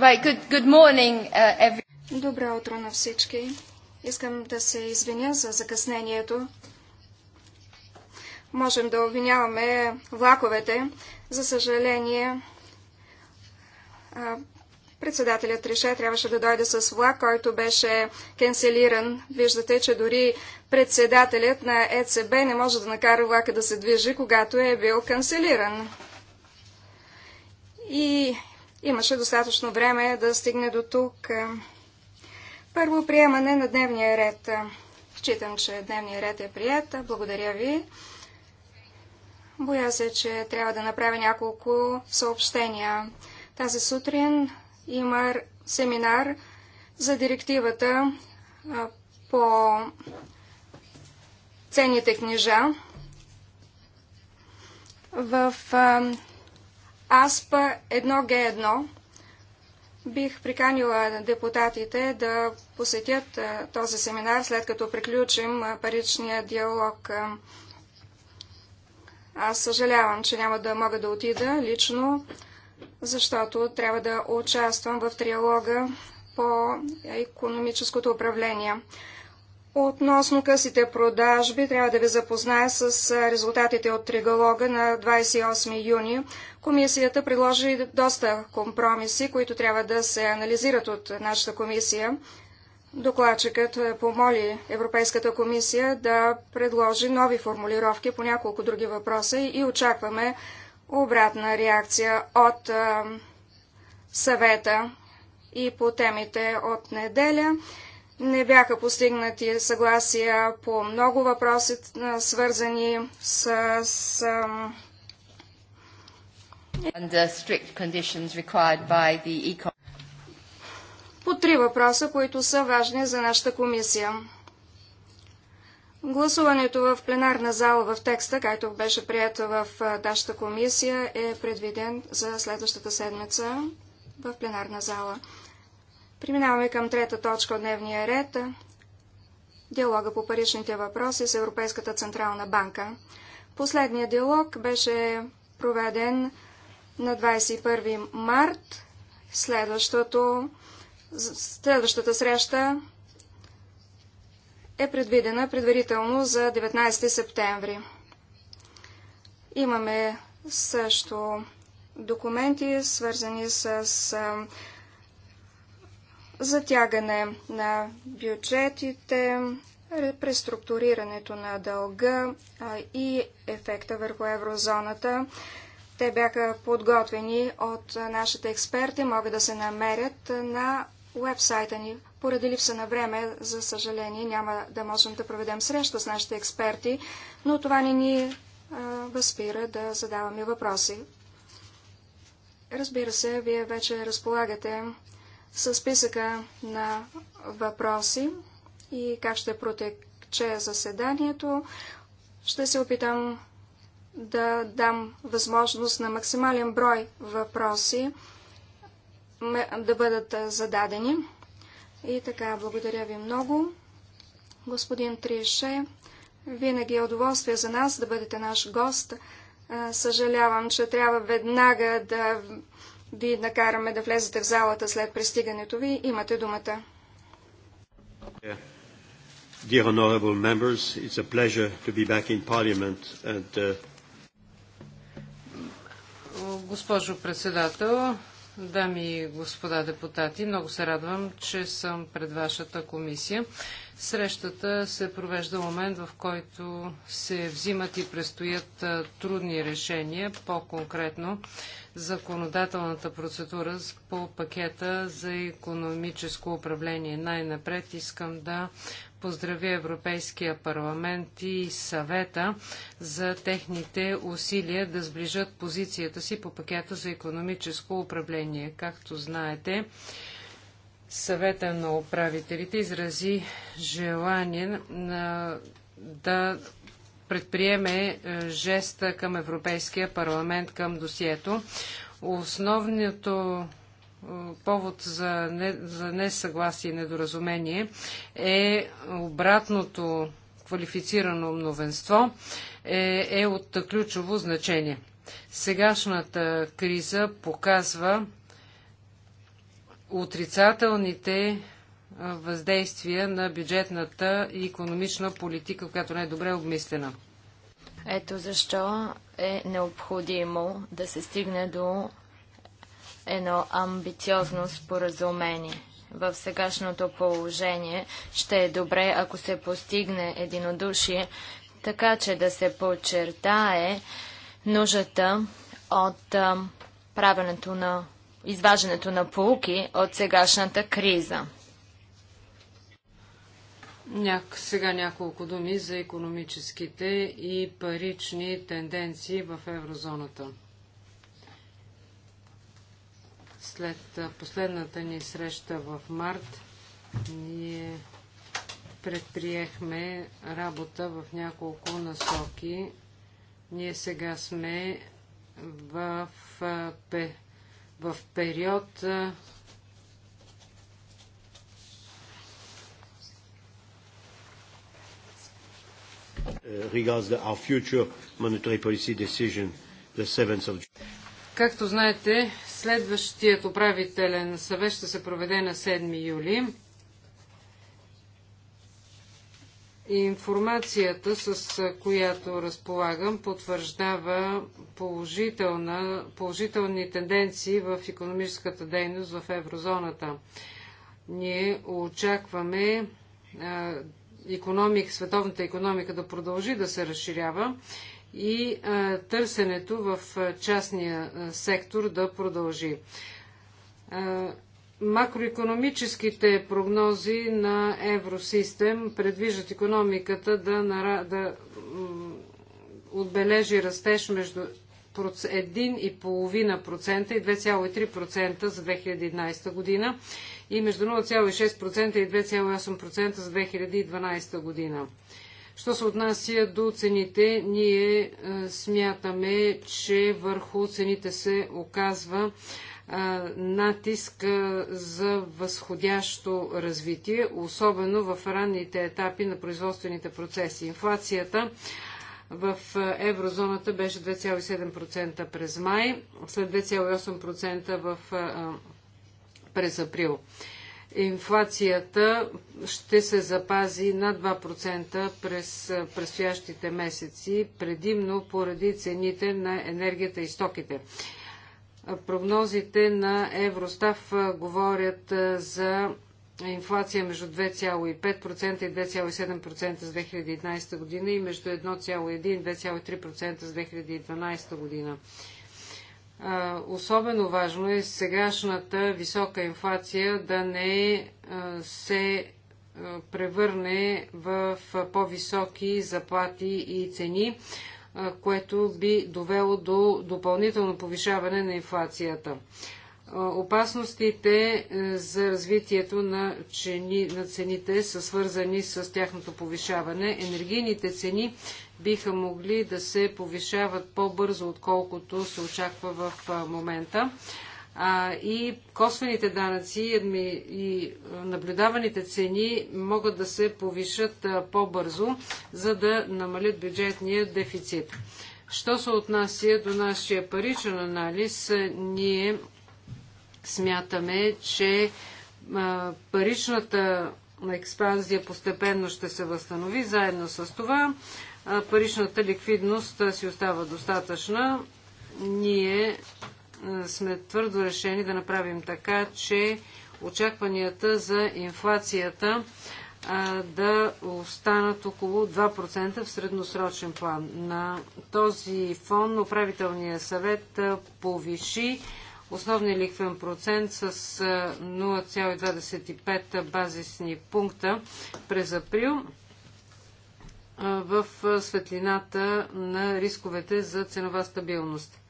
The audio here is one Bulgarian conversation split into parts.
Right, good, good morning, uh, every... Добро утро на всички. Искам да се извиня за закъснението. Можем да обвиняваме влаковете. За съжаление, председателят Трише трябваше да дойде с влак, който беше канцелиран. Виждате, че дори председателят на ЕЦБ не може да накара влака да се движи, когато е бил канцелиран. И Имаше достатъчно време да стигне до тук. Първо приемане на дневния ред. Считам, че дневния ред е прият. Благодаря ви. Боя се, че трябва да направя няколко съобщения. Тази сутрин има семинар за директивата по ценните книжа в АСПА 1Г1. Бих приканила депутатите да посетят този семинар, след като приключим паричния диалог. Аз съжалявам, че няма да мога да отида лично, защото трябва да участвам в триалога по економическото управление. Относно късите продажби, трябва да ви запозная с резултатите от тригалога на 28 юни. Комисията предложи доста компромиси, които трябва да се анализират от нашата комисия. Докладчикът помоли Европейската комисия да предложи нови формулировки по няколко други въпроса и очакваме обратна реакция от съвета и по темите от неделя. Не бяха постигнати съгласия по много въпроси, свързани с, с по три въпроса, които са важни за нашата комисия. Гласуването в пленарна зала в текста, който беше прието в нашата комисия, е предвиден за следващата седмица в пленарна зала. Преминаваме към трета точка от дневния ред. Диалога по паричните въпроси с Европейската Централна банка. Последният диалог беше проведен на 21 март. Следващото, следващата среща е предвидена предварително за 19 септември. Имаме също документи, свързани с затягане на бюджетите, преструктурирането на дълга и ефекта върху еврозоната. Те бяха подготвени от нашите експерти, могат да се намерят на вебсайта ни. Поради липса на време, за съжаление, няма да можем да проведем среща с нашите експерти, но това не ни възпира да задаваме въпроси. Разбира се, вие вече разполагате с списъка на въпроси и как ще протече заседанието. Ще се опитам да дам възможност на максимален брой въпроси да бъдат зададени. И така, благодаря ви много. Господин Трише, винаги е удоволствие за нас да бъдете наш гост. Съжалявам, че трябва веднага да ви накараме да влезете в залата след пристигането ви. Имате думата. Dear honorable members, it's a pleasure to be back in parliament and uh... Госпожо председател, Дами и господа депутати, много се радвам, че съм пред вашата комисия. Срещата се провежда момент, в който се взимат и престоят трудни решения, по-конкретно законодателната процедура по пакета за економическо управление. Най-напред искам да поздравя Европейския парламент и съвета за техните усилия да сближат позицията си по пакета за економическо управление. Както знаете, съвета на управителите изрази желание на, да предприеме е, жеста към Европейския парламент към досието. Основното повод за, не, за несъгласие и недоразумение е обратното квалифицирано мновенство е, е от ключово значение. Сегашната криза показва отрицателните въздействия на бюджетната и економична политика, която не е добре обмислена. Ето защо е необходимо да се стигне до едно амбициозно споразумение. В сегашното положение ще е добре, ако се постигне единодушие, така че да се подчертае нуждата от правенето на изваждането на полуки от сегашната криза. Няк... Сега няколко думи за економическите и парични тенденции в еврозоната. След последната ни среща в март, ние предприехме работа в няколко насоки. Ние сега сме в, в период Както знаете, Следващият управителен съвет ще се проведе на 7 юли. Информацията, с която разполагам, потвърждава положителни тенденции в економическата дейност в еврозоната. Ние очакваме економик, световната економика да продължи да се разширява и а, търсенето в частния сектор да продължи. А, макроекономическите прогнози на Евросистем предвиждат економиката да, нара... да отбележи растеж между 1,5% и 2,3% за 2011 година и между 0,6% и 2,8% за 2012 година. Що се отнася до цените, ние е, смятаме, че върху цените се оказва е, натиск е, за възходящо развитие, особено в ранните етапи на производствените процеси. Инфлацията в еврозоната беше 2,7% през май, след 2,8% в, през април инфлацията ще се запази на 2% през предстоящите месеци, предимно поради цените на енергията и стоките. Прогнозите на Евростав говорят за инфлация между 2,5% и 2,7% за 2011 година и между 1,1 и 2,3% за 2012 година. Особено важно е сегашната висока инфлация да не се превърне в по-високи заплати и цени, което би довело до допълнително повишаване на инфлацията. Опасностите е, за развитието на, чени, на цените са свързани с тяхното повишаване. Енергийните цени биха могли да се повишават по-бързо, отколкото се очаква в момента. и косвените данъци и наблюдаваните цени могат да се повишат по-бързо, за да намалят бюджетния дефицит. Що се отнася до нашия паричен анализ, ние смятаме, че паричната експанзия постепенно ще се възстанови. Заедно с това паричната ликвидност си остава достатъчна. Ние сме твърдо решени да направим така, че очакванията за инфлацията да останат около 2% в средносрочен план. На този фон управителния съвет повиши основния лихвен процент с 0,25 базисни пункта през април в светлината на рисковете за ценова стабилност.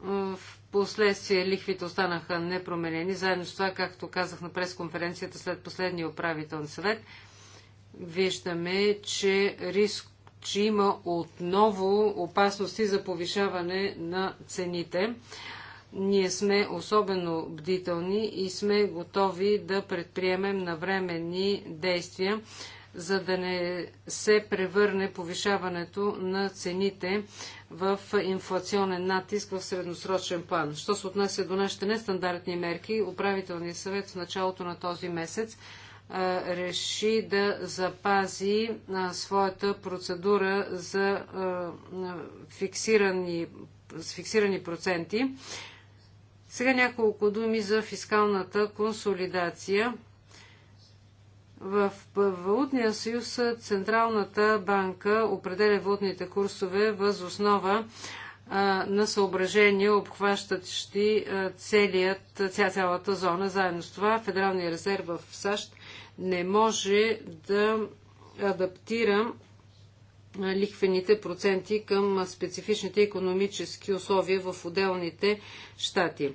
В последствие лихвите останаха непроменени, заедно с това, както казах на пресконференцията след последния управителен съвет, виждаме, че, риск, че има отново опасности за повишаване на цените. Ние сме особено бдителни и сме готови да предприемем навременни действия за да не се превърне повишаването на цените в инфлационен натиск в средносрочен план. Що се отнася до нашите нестандартни мерки, управителният съвет в началото на този месец реши да запази а, своята процедура за а, фиксирани, с фиксирани проценти. Сега няколко думи за фискалната консолидация. В Валутния съюз Централната банка определя валутните курсове въз основа на съображения, обхващащи целият, ця, цялата зона. Заедно с това Федералния резерв в САЩ не може да адаптира лихвените проценти към специфичните економически условия в отделните щати.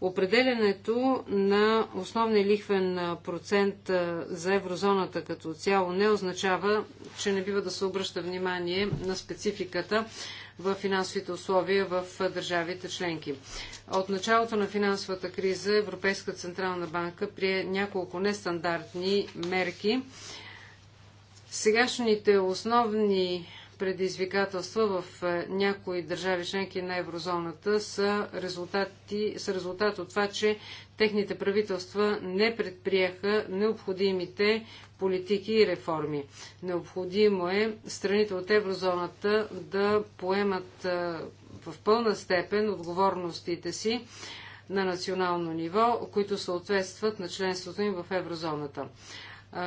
Определенето на основния лихвен процент за еврозоната като цяло не означава, че не бива да се обръща внимание на спецификата в финансовите условия в държавите членки. От началото на финансовата криза Европейска централна банка прие няколко нестандартни мерки, Сегашните основни предизвикателства в е, някои държави членки на еврозоната са, резултати, са резултат от това, че техните правителства не предприеха необходимите политики и реформи. Необходимо е страните от еврозоната да поемат е, в пълна степен отговорностите си на национално ниво, които съответстват на членството им в еврозоната е,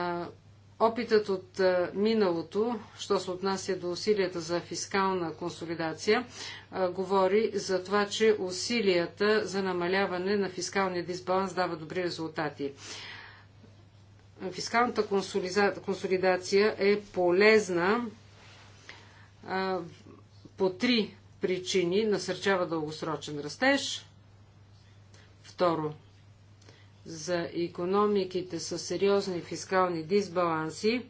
Опитът от е, миналото, що се отнася до усилията за фискална консолидация, е, говори за това, че усилията за намаляване на фискалния дисбаланс дава добри резултати. Фискалната консолидация е полезна е, по три причини. Насърчава дългосрочен растеж. Второ, за економиките с сериозни фискални дисбаланси,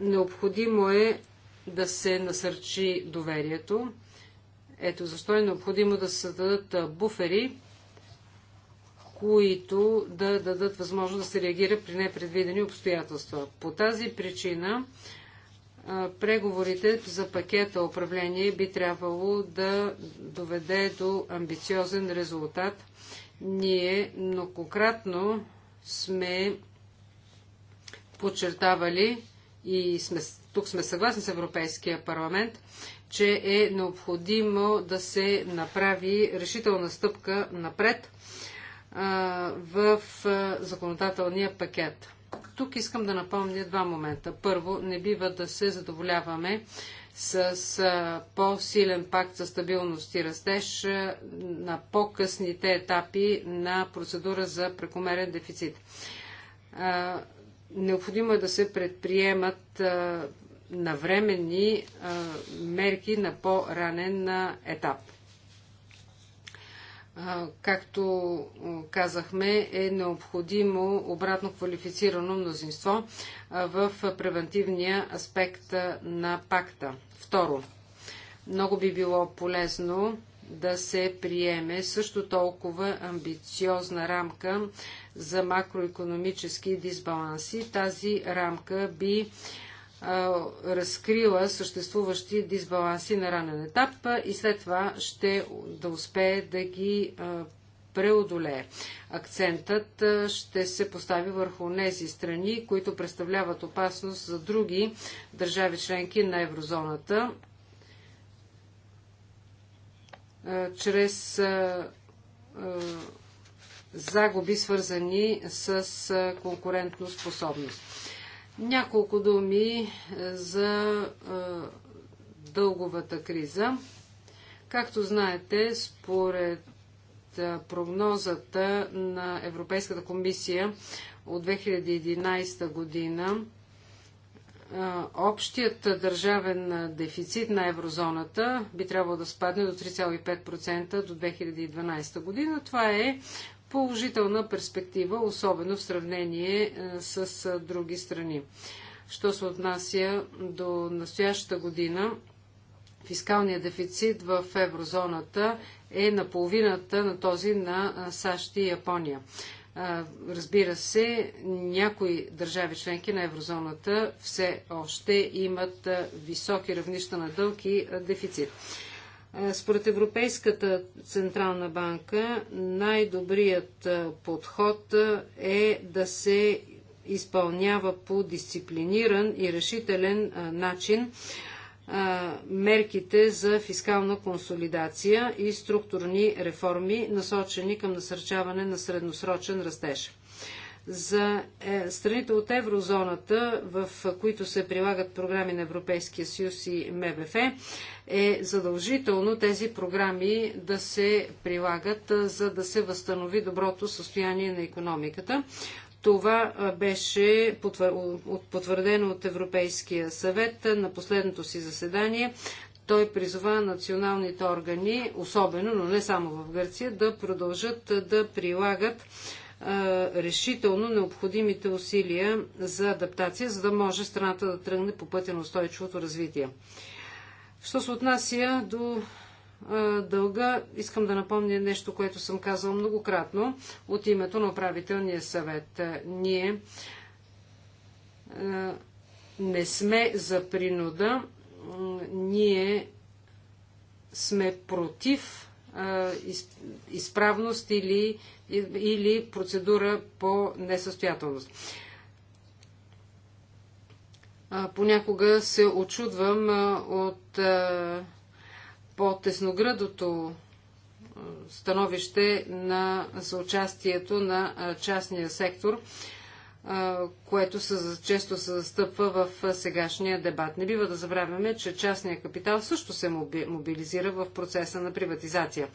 необходимо е да се насърчи доверието. Ето защо е необходимо да се създадат буфери, които да дадат възможност да се реагира при непредвидени обстоятелства. По тази причина преговорите за пакета управление би трябвало да доведе до амбициозен резултат ние многократно сме подчертавали и сме, тук сме съгласни с Европейския парламент, че е необходимо да се направи решителна стъпка напред в законодателния пакет. Тук искам да напомня два момента. Първо, не бива да се задоволяваме с по-силен пакт за стабилност и растеж на по-късните етапи на процедура за прекомерен дефицит. Необходимо е да се предприемат навременни мерки на по-ранен етап както казахме, е необходимо обратно квалифицирано мнозинство в превентивния аспект на пакта. Второ, много би било полезно да се приеме също толкова амбициозна рамка за макроекономически дисбаланси. Тази рамка би разкрила съществуващи дисбаланси на ранен етап и след това ще да успее да ги преодолее. Акцентът ще се постави върху тези страни, които представляват опасност за други държави членки на еврозоната, чрез загуби свързани с конкурентно способност. Няколко думи е, за е, дълговата криза. Както знаете, според е, прогнозата на Европейската комисия от 2011 година, общият държавен дефицит на еврозоната би трябвало да спадне до 3,5% до 2012 година. Това е положителна перспектива, особено в сравнение е, с е, други страни. Що се отнася до настоящата година, фискалният дефицит в еврозоната е на половината на този на е, САЩ и Япония. Разбира се, някои държави членки на еврозоната все още имат високи равнища на дълг и дефицит. Според Европейската Централна банка най-добрият подход е да се изпълнява по дисциплиниран и решителен начин мерките за фискална консолидация и структурни реформи, насочени към насърчаване на средносрочен растеж за е, страните от еврозоната, в които се прилагат програми на Европейския съюз и МВФ, е задължително тези програми да се прилагат, за да се възстанови доброто състояние на економиката. Това беше потвърдено от Европейския съвет на последното си заседание. Той призова националните органи, особено, но не само в Гърция, да продължат да прилагат решително необходимите усилия за адаптация, за да може страната да тръгне по пътя на устойчивото развитие. Що се отнася до дълга, искам да напомня нещо, което съм казал многократно от името на управителния съвет. Ние не сме за принуда, ние сме против изправност или, или процедура по несъстоятелност. Понякога се очудвам от по-тесноградото становище на, съучастието на частния сектор което са, често се застъпва в сегашния дебат. Не бива да забравяме, че частния капитал също се мобилизира в процеса на приватизация.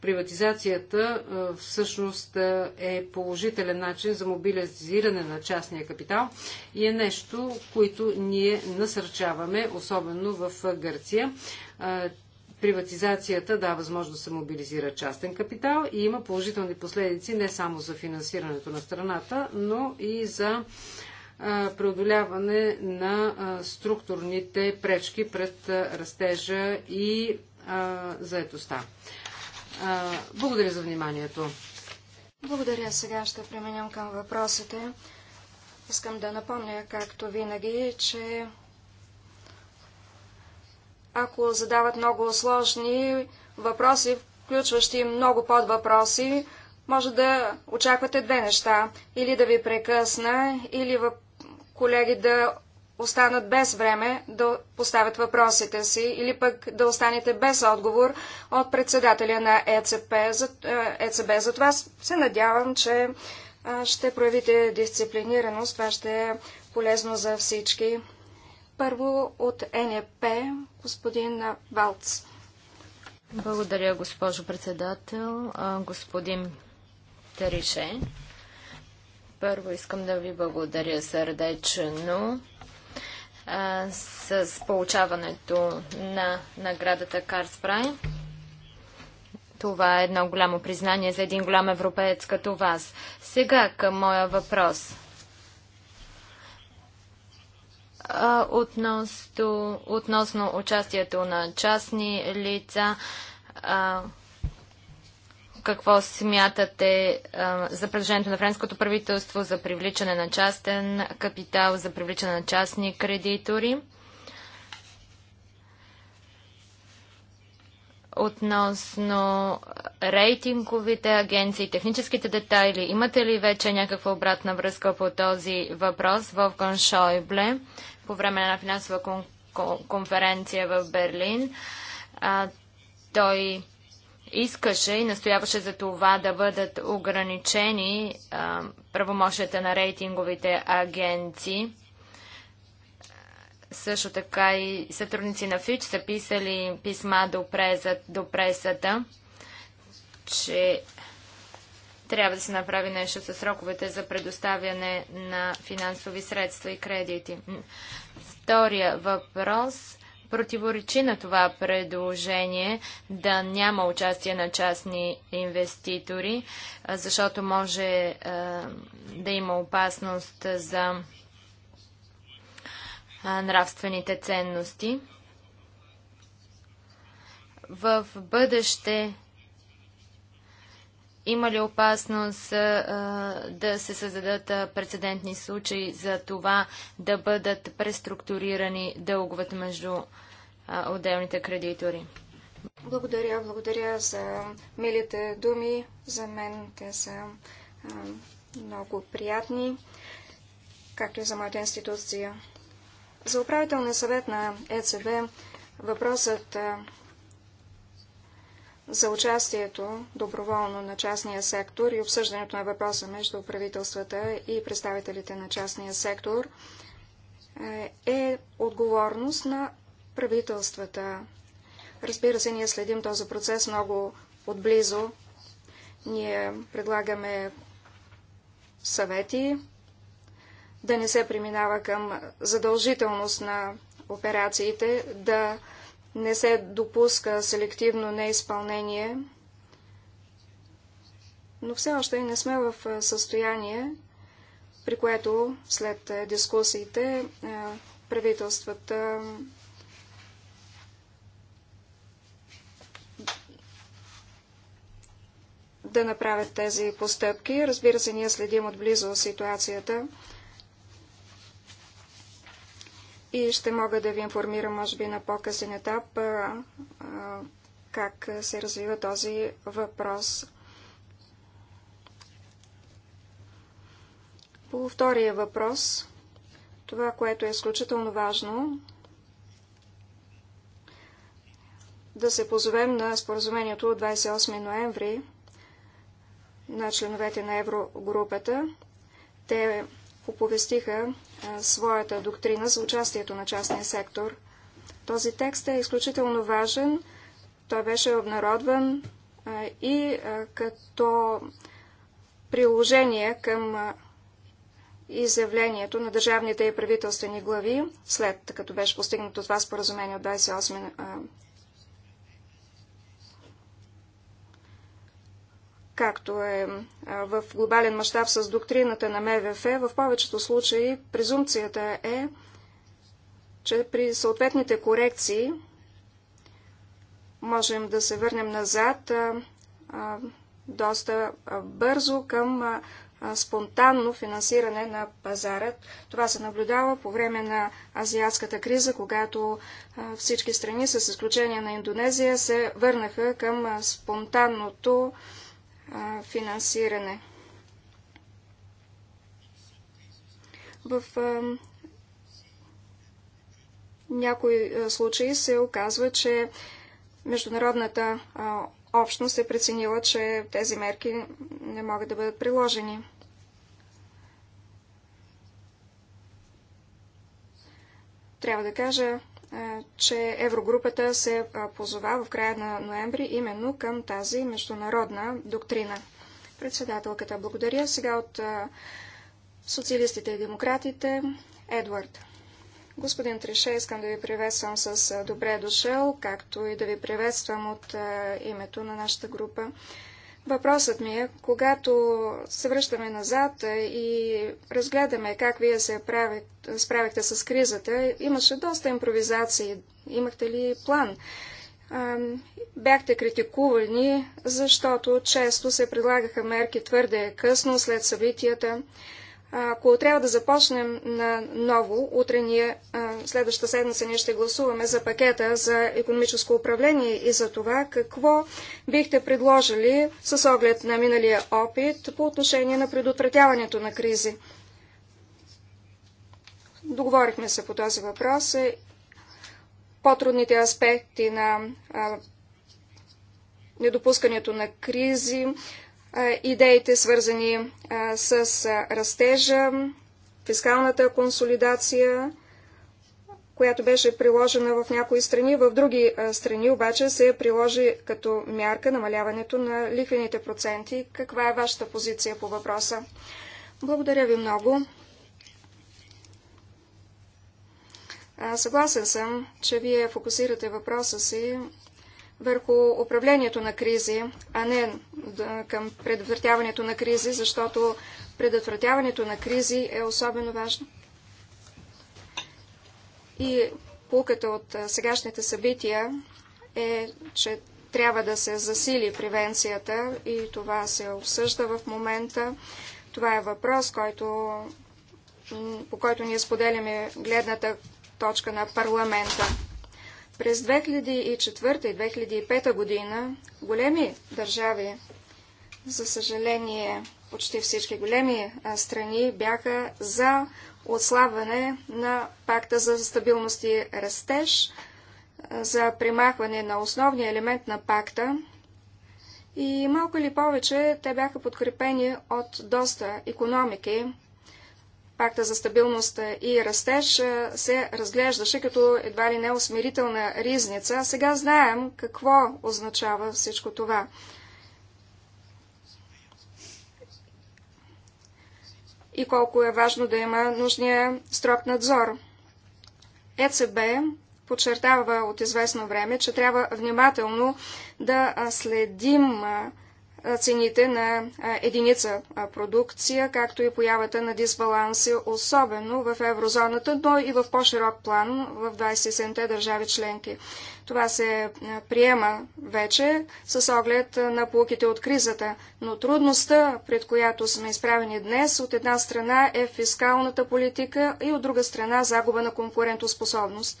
Приватизацията всъщност е положителен начин за мобилизиране на частния капитал и е нещо, което ние насърчаваме, особено в Гърция приватизацията дава възможност да се мобилизира частен капитал и има положителни последици не само за финансирането на страната, но и за преодоляване на структурните пречки пред растежа и заетостта. Благодаря за вниманието. Благодаря. Сега ще преминем към въпросите. Искам да напомня, както винаги, че ако задават много сложни въпроси, включващи много подвъпроси, може да очаквате две неща. Или да ви прекъсна, или въп... колеги да останат без време да поставят въпросите си, или пък да останете без отговор от председателя на ЕЦП. Е, ЕЦБ. Затова се надявам, че е, ще проявите дисциплинираност. Това ще е полезно за всички. Първо от НЕП господин Валц. Благодаря, госпожо председател. Господин Тарише, първо искам да ви благодаря сърдечно с получаването на наградата Карс Това е едно голямо признание за един голям европеец като вас. Сега към моя въпрос а, относно, относно участието на частни лица. А, какво смятате а, за предложението на френското правителство за привличане на частен капитал, за привличане на частни кредитори? Относно рейтинговите агенции, техническите детайли, имате ли вече някаква обратна връзка по този въпрос в Гоншойбле? по време на финансова кон конференция в Берлин. А, той искаше и настояваше за това да бъдат ограничени правомощията на рейтинговите агенции. Също така и сътрудници на ФИЧ са писали писма до, презът, до пресата, че трябва да се направи нещо с сроковете за предоставяне на финансови средства и кредити. Втория въпрос противоречи на това предложение да няма участие на частни инвеститори, защото може да има опасност за нравствените ценности. В бъдеще има ли опасност а, да се създадат прецедентни случаи за това да бъдат преструктурирани дълговете между а, отделните кредитори? Благодаря, благодаря за милите думи. За мен те са а, много приятни, както и за моята институция. За управителния съвет на ЕЦБ въпросът за участието доброволно на частния сектор и обсъждането на въпроса между правителствата и представителите на частния сектор е, е отговорност на правителствата. Разбира се, ние следим този процес много отблизо. Ние предлагаме съвети да не се преминава към задължителност на операциите, да не се допуска селективно неизпълнение, но все още не сме в състояние, при което след дискусиите правителствата да направят тези постъпки. Разбира се, ние следим отблизо ситуацията и ще мога да ви информирам, може би, на по-късен етап а, а, как се развива този въпрос. По втория въпрос, това, което е изключително важно, да се позовем на споразумението от 28 ноември на членовете на Еврогрупата. Те оповестиха своята доктрина за участието на частния сектор. Този текст е изключително важен. Той беше обнародван и като приложение към изявлението на държавните и правителствени глави, след като беше постигнато това споразумение от 28 както е в глобален мащаб с доктрината на МВФ, в повечето случаи презумпцията е, че при съответните корекции можем да се върнем назад а, а, доста бързо към а, спонтанно финансиране на пазара. Това се наблюдава по време на азиатската криза, когато всички страни, с изключение на Индонезия, се върнаха към спонтанното финансиране. В някои случаи се оказва, че международната общност е преценила, че тези мерки не могат да бъдат приложени. Трябва да кажа, че Еврогрупата се позова в края на ноември именно към тази международна доктрина. Председателката, благодаря. Сега от социалистите и демократите, Едвард. Господин Трише, искам да ви приветствам с добре дошъл, както и да ви приветствам от името на нашата група. Въпросът ми е, когато се връщаме назад и разгледаме как вие се правих, справихте с кризата, имаше доста импровизации. Имахте ли план? Бяхте критикувани, защото често се предлагаха мерки твърде късно след събитията. Ако трябва да започнем на ново, утре ние, следващата седмица, ние ще гласуваме за пакета за економическо управление и за това какво бихте предложили с оглед на миналия опит по отношение на предотвратяването на кризи. Договорихме се по този въпрос. Е, по-трудните аспекти на недопускането на кризи, идеите, свързани с растежа, фискалната консолидация, която беше приложена в някои страни, в други страни обаче се приложи като мярка намаляването на лихвените проценти. Каква е вашата позиция по въпроса? Благодаря ви много. Съгласен съм, че вие фокусирате въпроса си върху управлението на кризи, а не към предотвратяването на кризи, защото предотвратяването на кризи е особено важно. И полката от сегашните събития е, че трябва да се засили превенцията и това се обсъжда в момента. Това е въпрос, който, по който ние споделяме гледната точка на парламента. През 2004 и 2005 година големи държави, за съжаление почти всички големи страни, бяха за отслабване на пакта за стабилност и растеж, за примахване на основния елемент на пакта и малко или повече те бяха подкрепени от доста економики, пакта за стабилност и растеж се разглеждаше като едва ли не усмирителна ризница. сега знаем какво означава всичко това. И колко е важно да има нужния строг надзор. ЕЦБ подчертава от известно време, че трябва внимателно да следим цените на единица продукция, както и появата на дисбаланси, особено в еврозоната, но и в по-широк план в 27-те държави членки. Това се приема вече с оглед на полуките от кризата, но трудността, пред която сме изправени днес, от една страна е фискалната политика и от друга страна загуба на конкурентоспособност.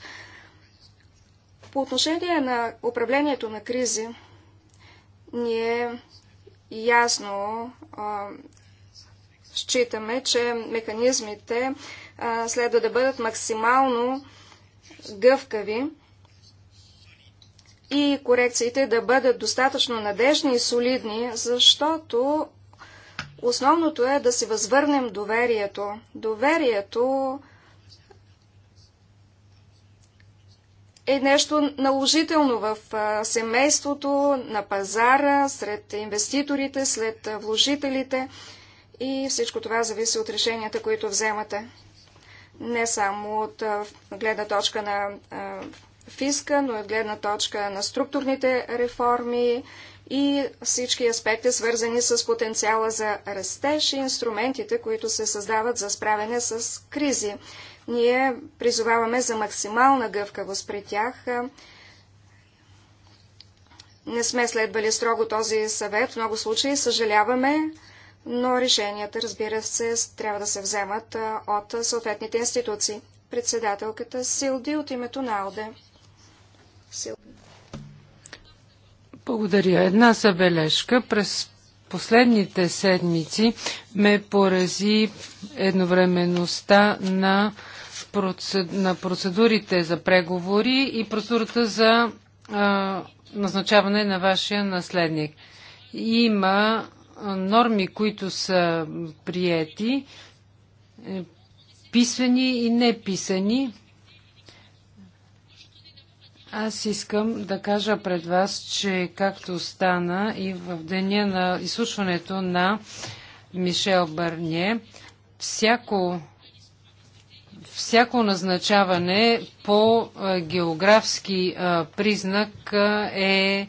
По отношение на управлението на кризи, ние ясно считаме, че механизмите следва да бъдат максимално гъвкави и корекциите да бъдат достатъчно надежни и солидни, защото основното е да си възвърнем доверието. Доверието е нещо наложително в семейството, на пазара, сред инвеститорите, след вложителите и всичко това зависи от решенията, които вземате. Не само от гледна точка на фиска, но и от гледна точка на структурните реформи и всички аспекти, свързани с потенциала за растеж и инструментите, които се създават за справяне с кризи. Ние призоваваме за максимална гъвкавост при тях. Не сме следвали строго този съвет. В много случаи съжаляваме, но решенията, разбира се, трябва да се вземат от съответните институции. Председателката Силди от името на Алде. Силди. Благодаря. Една забележка. През последните седмици ме порази едновременността на на процедурите за преговори и процедурата за а, назначаване на вашия наследник. Има норми, които са приети, е, писани и неписани. Аз искам да кажа пред вас, че както стана и в деня на изслушването на Мишел Барние, всяко всяко назначаване по географски признак е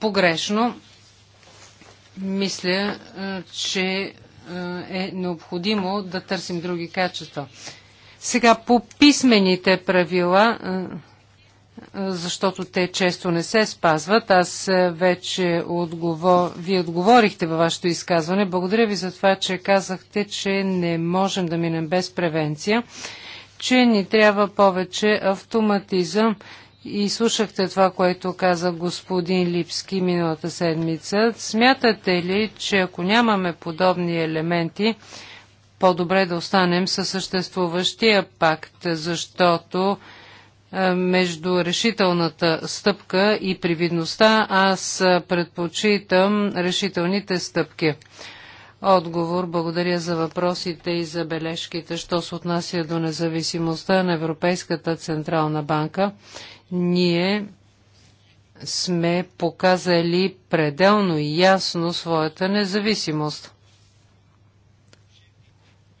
погрешно. Мисля, че е необходимо да търсим други качества. Сега по писмените правила защото те често не се спазват. Аз е, вече отговор... ви отговорихте във вашето изказване. Благодаря ви за това, че казахте, че не можем да минем без превенция, че ни трябва повече автоматизъм. И слушахте това, което каза господин Липски миналата седмица. Смятате ли, че ако нямаме подобни елементи, по-добре да останем със съществуващия пакт, защото е, между решителната стъпка и привидността, аз предпочитам решителните стъпки. Отговор. Благодаря за въпросите и за бележките, що се отнася до независимостта на Европейската Централна банка. Ние сме показали пределно ясно своята независимост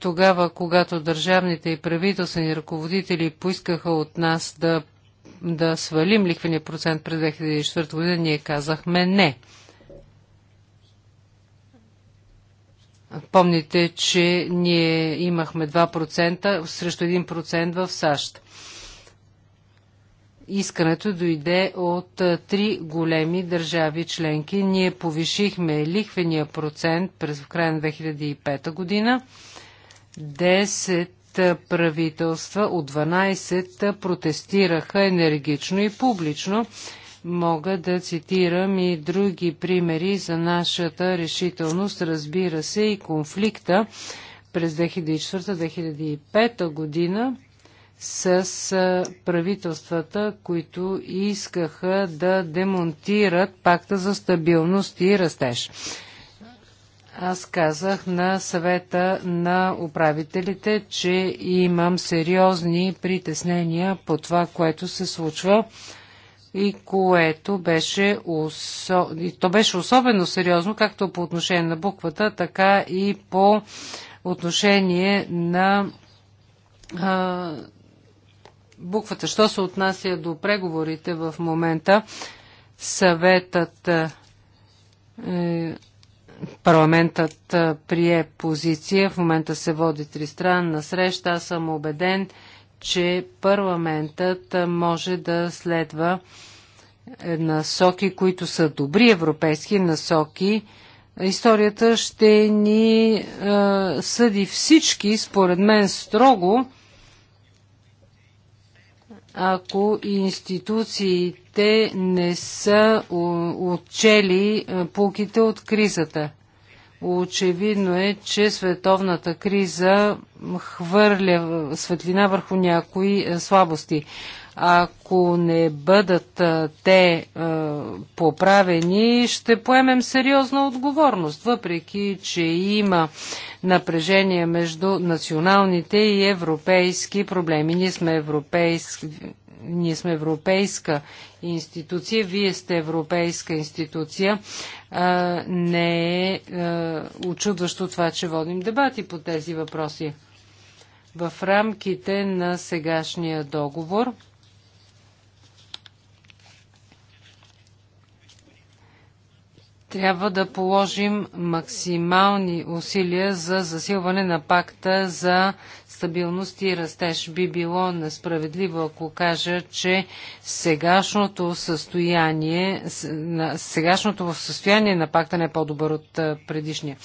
тогава, когато държавните и правителствени ръководители поискаха от нас да, да свалим лихвения процент през 2004 година, ние казахме не. Помните, че ние имахме 2% срещу 1% в САЩ. Искането дойде от три големи държави членки. Ние повишихме лихвения процент през края на 2005 година 10 правителства от 12 протестираха енергично и публично. Мога да цитирам и други примери за нашата решителност, разбира се, и конфликта през 2004-2005 година с правителствата, които искаха да демонтират пакта за стабилност и растеж. Аз казах на съвета на управителите, че имам сериозни притеснения по това, което се случва и което беше, и то беше особено сериозно, както по отношение на буквата, така и по отношение на а, буквата. Що се отнася до преговорите в момента, съветът е, парламентът прие позиция. В момента се води тристранна среща. Аз съм убеден, че парламентът може да следва е, насоки, които са добри европейски насоки. Историята ще ни е, съди всички, според мен, строго ако институциите не са отчели пулките от кризата. Очевидно е, че световната криза хвърля светлина върху някои слабости. Ако не бъдат те поправени, ще поемем сериозна отговорност, въпреки че има напрежение между националните и европейски проблеми. Ние сме, европейск, ние сме европейска институция, вие сте европейска институция. А, не е а, очудващо това, че водим дебати по тези въпроси. В рамките на сегашния договор – Трябва да положим максимални усилия за засилване на пакта за стабилност и растеж. Би било несправедливо, ако кажа, че сегашното състояние, сегашното състояние на пакта не е по-добър от предишния.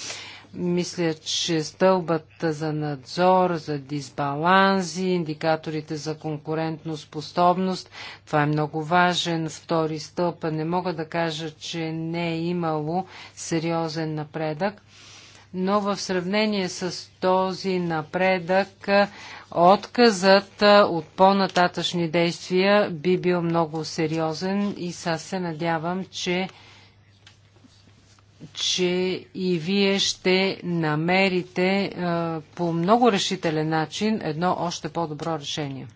Мисля, че стълбът за надзор, за дисбаланси, индикаторите за конкурентно способност, това е много важен втори стълб. Не мога да кажа, че не е имало сериозен напредък но в сравнение с този напредък, отказът от по-нататъчни действия би бил много сериозен и сега се надявам, че че и вие ще намерите по много решителен начин едно още по-добро решение.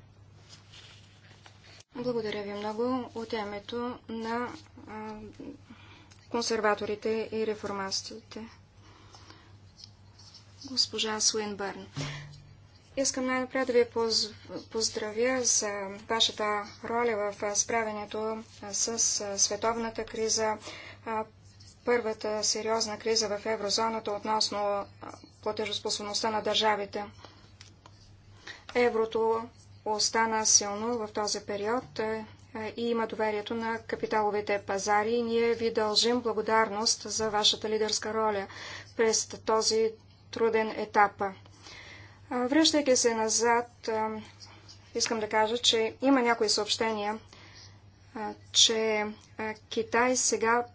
Благодаря ви много от името на консерваторите и реформатите. Госпожа Суинбърн. Искам най-напред да ви поздравя за вашата роля в справянето с световната криза, първата сериозна криза в еврозоната относно платежоспособността на държавите. Еврото остана силно в този период е, е, и има доверието на капиталовите пазари ние ви дължим благодарност за вашата лидерска роля през този труден етап. Връщайки се назад, искам да кажа, че има някои съобщения, че Китай сега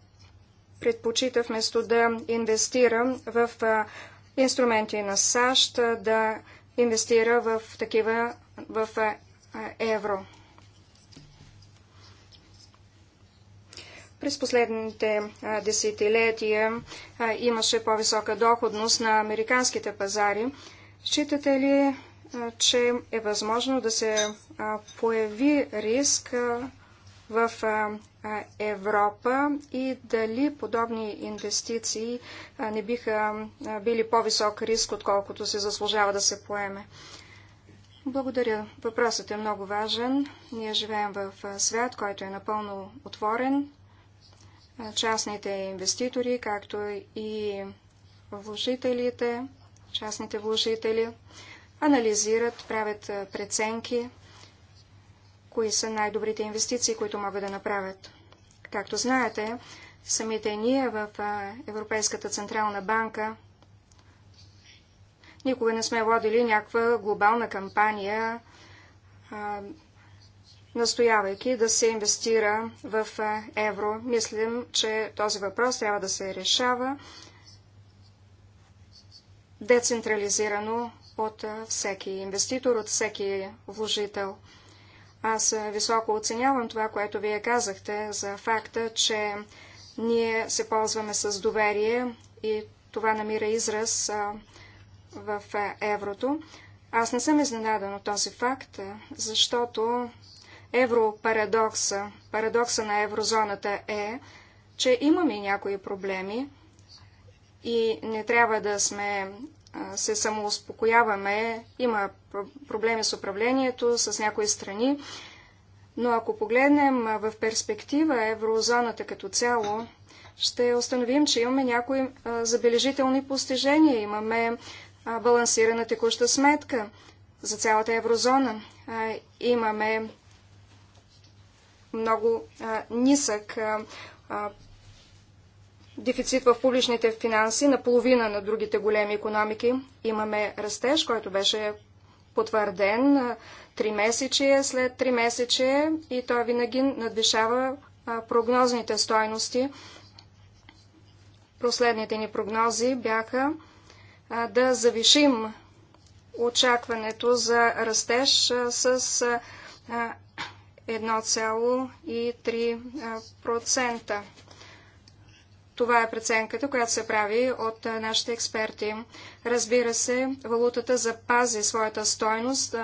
предпочита вместо да инвестира в инструменти на САЩ, да инвестира в такива в евро. През последните десетилетия имаше по-висока доходност на американските пазари. Считате ли, че е възможно да се появи риск в Европа и дали подобни инвестиции не биха били по-висок риск, отколкото се заслужава да се поеме. Благодаря. Въпросът е много важен. Ние живеем в свят, който е напълно отворен. Частните инвеститори, както и вложителите, частните вложители анализират, правят преценки кои са най-добрите инвестиции, които могат да направят. Както знаете, самите ние в Европейската Централна банка никога не сме водили някаква глобална кампания, настоявайки да се инвестира в евро. Мислим, че този въпрос трябва да се решава децентрализирано от всеки инвеститор, от всеки вложител. Аз е, високо оценявам това, което вие казахте за факта, че ние се ползваме с доверие и това намира израз в е, еврото. Аз не съм изненадан от този факт, е, защото европарадокса, парадокса на еврозоната е, че имаме някои проблеми и не трябва да сме се самоуспокояваме. Има проблеми с управлението, с някои страни. Но ако погледнем в перспектива еврозоната като цяло, ще установим, че имаме някои забележителни постижения. Имаме балансирана текуща сметка за цялата еврозона. Имаме много нисък дефицит в публичните финанси на половина на другите големи економики. Имаме растеж, който беше потвърден три месече след три месече и той винаги надвишава прогнозните стойности. Последните ни прогнози бяха да завишим очакването за растеж с 1,3%. Това е преценката, която се прави от нашите експерти. Разбира се, валутата запази своята стойност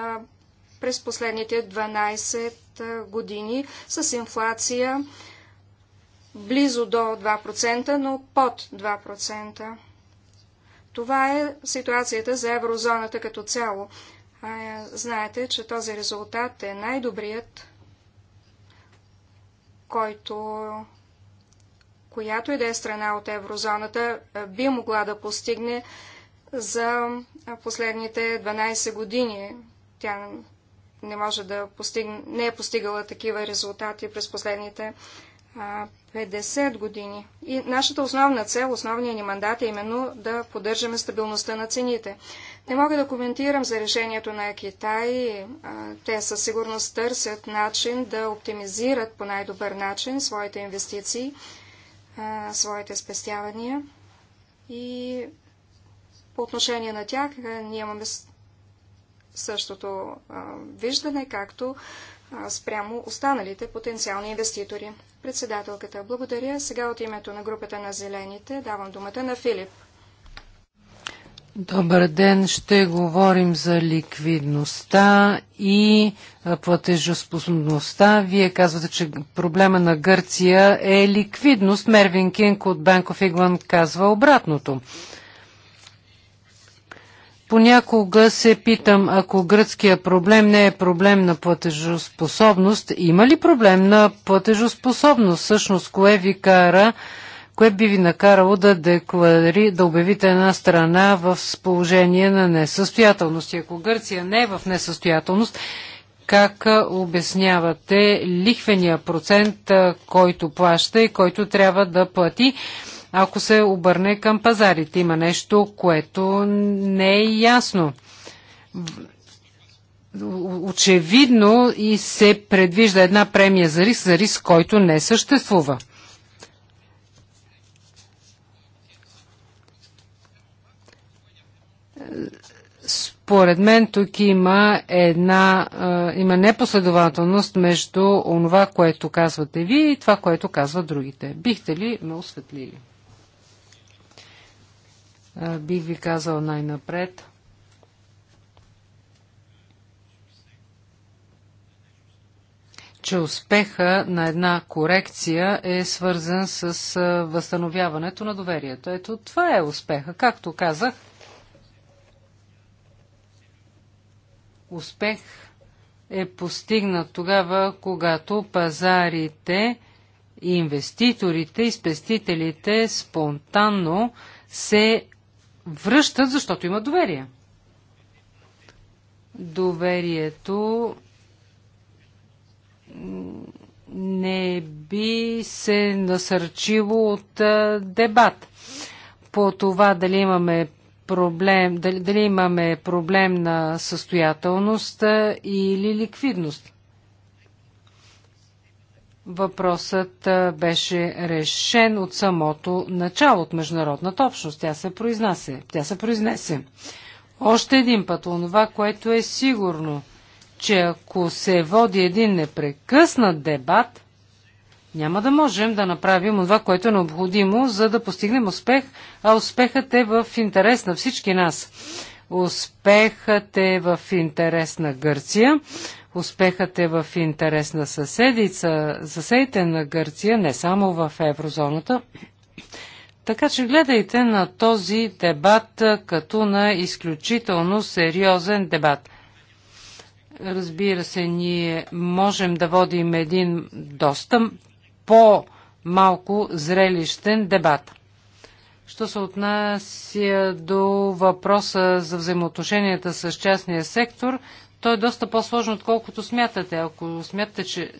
през последните 12 години с инфлация близо до 2%, но под 2%. Това е ситуацията за еврозоната като цяло. А, е, знаете, че този резултат е най-добрият, който която и да е страна от еврозоната би могла да постигне за последните 12 години. Тя не може да постигне, не е постигала такива резултати през последните 50 години. И нашата основна цел, основният ни мандат е именно да поддържаме стабилността на цените. Не мога да коментирам за решението на Китай. Те със сигурност търсят начин да оптимизират по най-добър начин своите инвестиции своите спестявания и по отношение на тях ние имаме същото виждане, както спрямо останалите потенциални инвеститори. Председателката, благодаря. Сега от името на групата на Зелените давам думата на Филип. Добър ден. Ще говорим за ликвидността и платежоспособността. Вие казвате, че проблема на Гърция е ликвидност. Мервин Кинг от Bank of England казва обратното. Понякога се питам, ако гръцкия проблем не е проблем на платежоспособност, има ли проблем на платежоспособност? Всъщност, кое ви кара Кое би ви накарало да деклари, да обявите една страна в положение на несъстоятелност? И ако Гърция не е в несъстоятелност, как обяснявате лихвения процент, който плаща и който трябва да плати, ако се обърне към пазарите? Има нещо, което не е ясно очевидно и се предвижда една премия за риск, за риск, който не съществува. Според мен тук има една има непоследователност между онова, което казвате вие и това, което казват другите. Бихте ли ме осветлили? Бих ви казал най-напред. че успеха на една корекция е свързан с възстановяването на доверието. Ето това е успеха. Както казах, успех е постигнат тогава, когато пазарите, инвеститорите и спестителите спонтанно се връщат, защото има доверие. Доверието не би се насърчило от дебат по това дали имаме проблем, дали, дали имаме проблем на състоятелност или ликвидност. Въпросът беше решен от самото начало от международната общност. Тя се произнесе. Тя се произнесе. Още един път, онова, което е сигурно, че ако се води един непрекъснат дебат – няма да можем да направим това, което е необходимо, за да постигнем успех, а успехът е в интерес на всички нас. Успехът е в интерес на Гърция, успехът е в интерес на съседица, съседите на Гърция, не само в еврозоната. Така че гледайте на този дебат като на изключително сериозен дебат. Разбира се, ние можем да водим един доста по-малко зрелищен дебат. Що се отнася до въпроса за взаимоотношенията с частния сектор, той е доста по-сложно, отколкото смятате. Ако смятате, че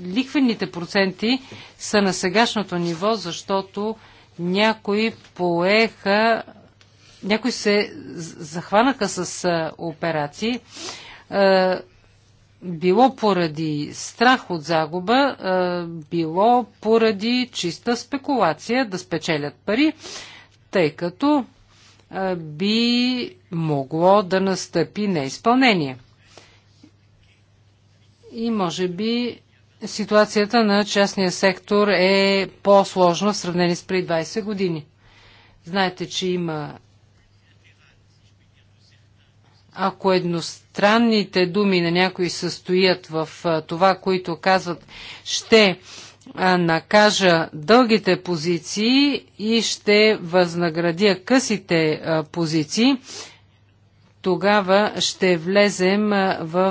лихвените проценти са на сегашното ниво, защото някои поеха, някои се захванаха с операции било поради страх от загуба, било поради чиста спекулация да спечелят пари, тъй като би могло да настъпи неизпълнение. И може би ситуацията на частния сектор е по-сложна в сравнение с преди 20 години. Знаете, че има ако едностранните думи на някои състоят в това, които казват, ще накажа дългите позиции и ще възнаградя късите позиции, тогава ще влезем в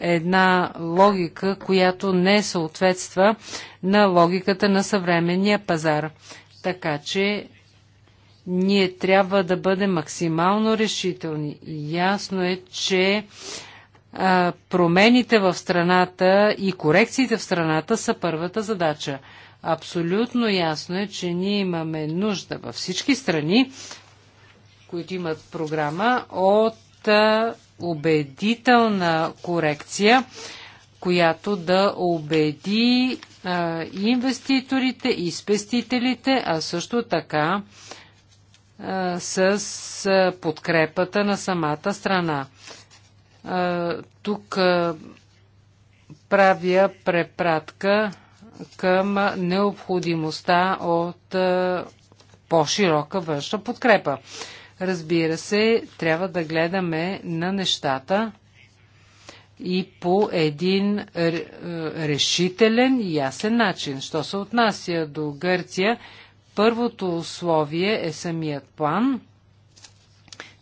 една логика, която не съответства на логиката на съвременния пазар. Така че ние трябва да бъдем максимално решителни. Ясно е, че промените в страната и корекциите в страната са първата задача. Абсолютно ясно е, че ние имаме нужда във всички страни, които имат програма, от убедителна корекция, която да убеди а, инвеститорите и спестителите, а също така с подкрепата на самата страна. Тук правя препратка към необходимостта от по-широка външна подкрепа. Разбира се, трябва да гледаме на нещата и по един решителен и ясен начин. Що се отнася до Гърция, Първото условие е самият план.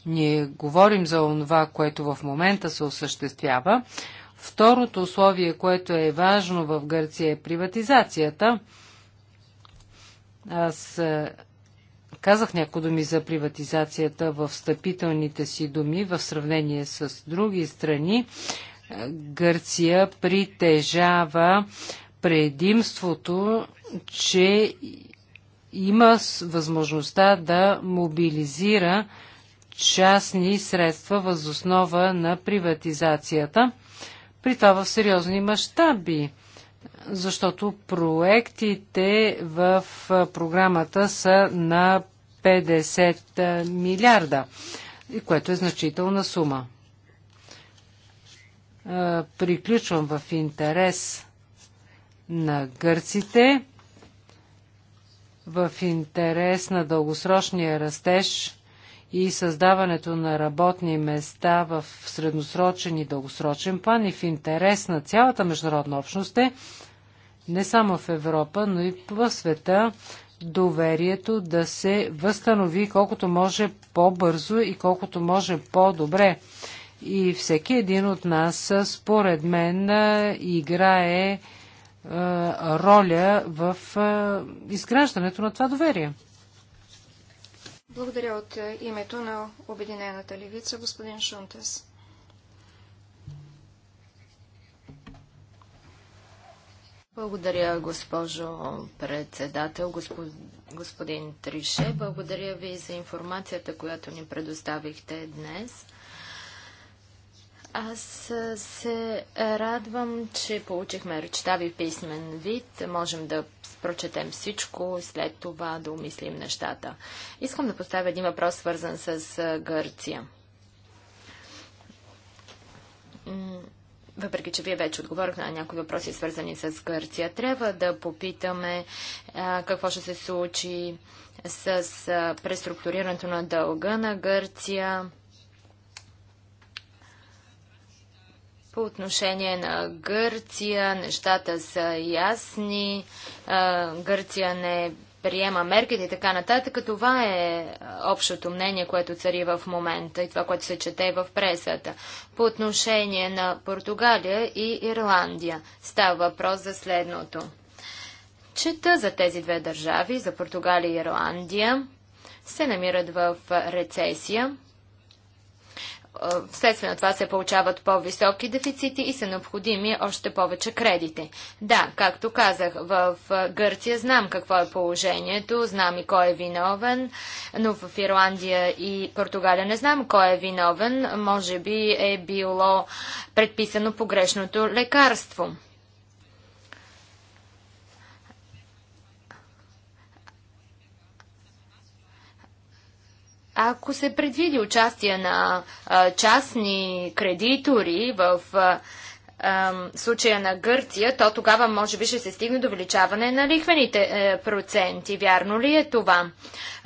Ние говорим за това, което в момента се осъществява. Второто условие, което е важно в Гърция е приватизацията. Аз е, казах някои думи за приватизацията в встъпителните си думи в сравнение с други страни. Е, Гърция притежава предимството, че има възможността да мобилизира частни средства възоснова на приватизацията, при това в сериозни мащаби, защото проектите в програмата са на 50 милиарда, което е значителна сума. Приключвам в интерес на гърците в интерес на дългосрочния растеж и създаването на работни места в средносрочен и дългосрочен план и в интерес на цялата международна общност е не само в Европа, но и в света доверието да се възстанови колкото може по-бързо и колкото може по-добре. И всеки един от нас, според мен, играе е, роля в е, изграждането на това доверие. Благодаря от е, името на Обединената левица, господин Шунтес. Благодаря, госпожо председател, господин Трише. Благодаря ви за информацията, която ни предоставихте днес. Аз се радвам, че получихме речта в писмен вид. Можем да прочетем всичко и след това да умислим нещата. Искам да поставя един въпрос, свързан с Гърция. Въпреки, че вие вече отговорих на някои въпроси, свързани с Гърция, трябва да попитаме какво ще се случи с преструктурирането на дълга на Гърция По отношение на Гърция, нещата са ясни. Гърция не приема мерките и така нататък. Това е общото мнение, което цари в момента и това, което се чете в пресата. По отношение на Португалия и Ирландия става въпрос за следното. Чета за тези две държави, за Португалия и Ирландия, се намират в рецесия вследствие на това се получават по-високи дефицити и са необходими още повече кредити. Да, както казах, в Гърция знам какво е положението, знам и кой е виновен, но в Ирландия и Португалия не знам кой е виновен. Може би е било предписано погрешното лекарство. Ако се предвиди участие на а, частни кредитори в а, а, случая на Гърция, то тогава може би ще се стигне до увеличаване на лихвените е, проценти. Вярно ли е това?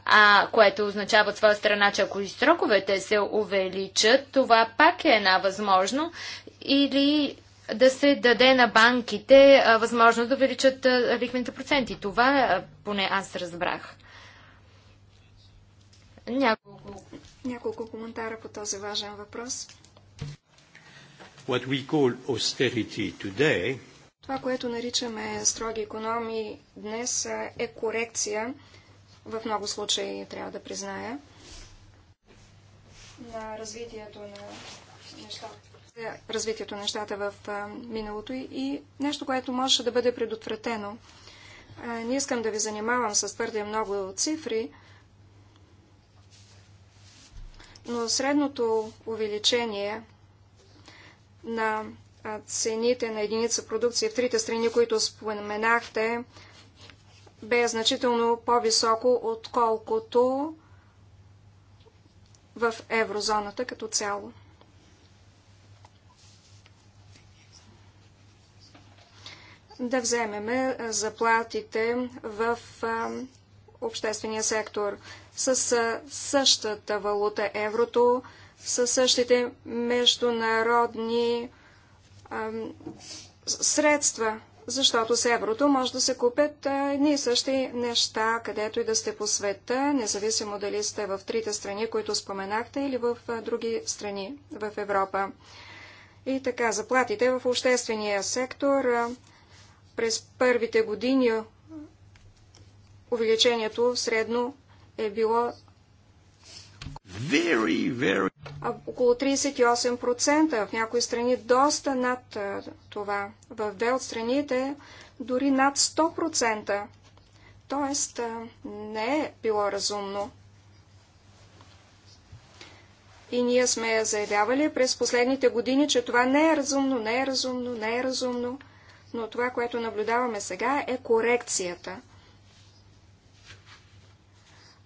а, което означава от своя страна, че ако и сроковете се увеличат, това пак е една възможно или да се даде на банките а, възможност да увеличат лихвените проценти. Това поне аз разбрах. Няколко, няколко коментара по този важен въпрос. What we call austerity today това, което наричаме строги економии днес е корекция. В много случаи трябва да призная на развитието на нещата развитието на нещата в миналото и нещо, което можеше да бъде предотвратено. Не искам да ви занимавам с твърде много цифри, но средното увеличение на цените на единица продукция в трите страни, които споменахте, бе значително по-високо, отколкото в еврозоната като цяло. Да вземеме заплатите в обществения сектор, с същата валута еврото, с същите международни ам, средства, защото с еврото може да се купят едни и същи неща, където и да сте по света, независимо дали сте в трите страни, които споменахте, или в други страни в Европа. И така, заплатите в обществения сектор през първите години увеличението средно е било very, very... около 38%, в някои страни доста над това. В две от страните дори над 100%. Тоест, не е било разумно. И ние сме заявявали през последните години, че това не е разумно, не е разумно, не е разумно. Но това, което наблюдаваме сега, е корекцията –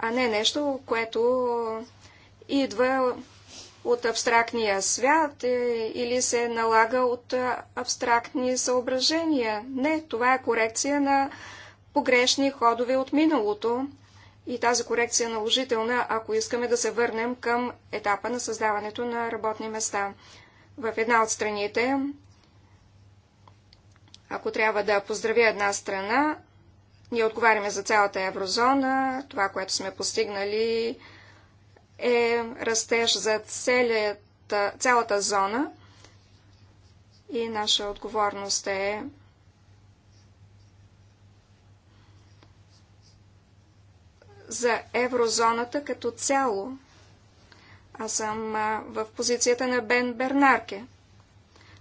а не нещо, което идва от абстрактния свят е, или се налага от абстрактни съображения. Не, това е корекция на погрешни ходове от миналото и тази корекция е наложителна, ако искаме да се върнем към етапа на създаването на работни места. В една от страните, ако трябва да поздравя една страна, ние отговаряме за цялата еврозона. Това, което сме постигнали е растеж за целията, цялата зона. И наша отговорност е за еврозоната като цяло. Аз съм в позицията на Бен Бернарке.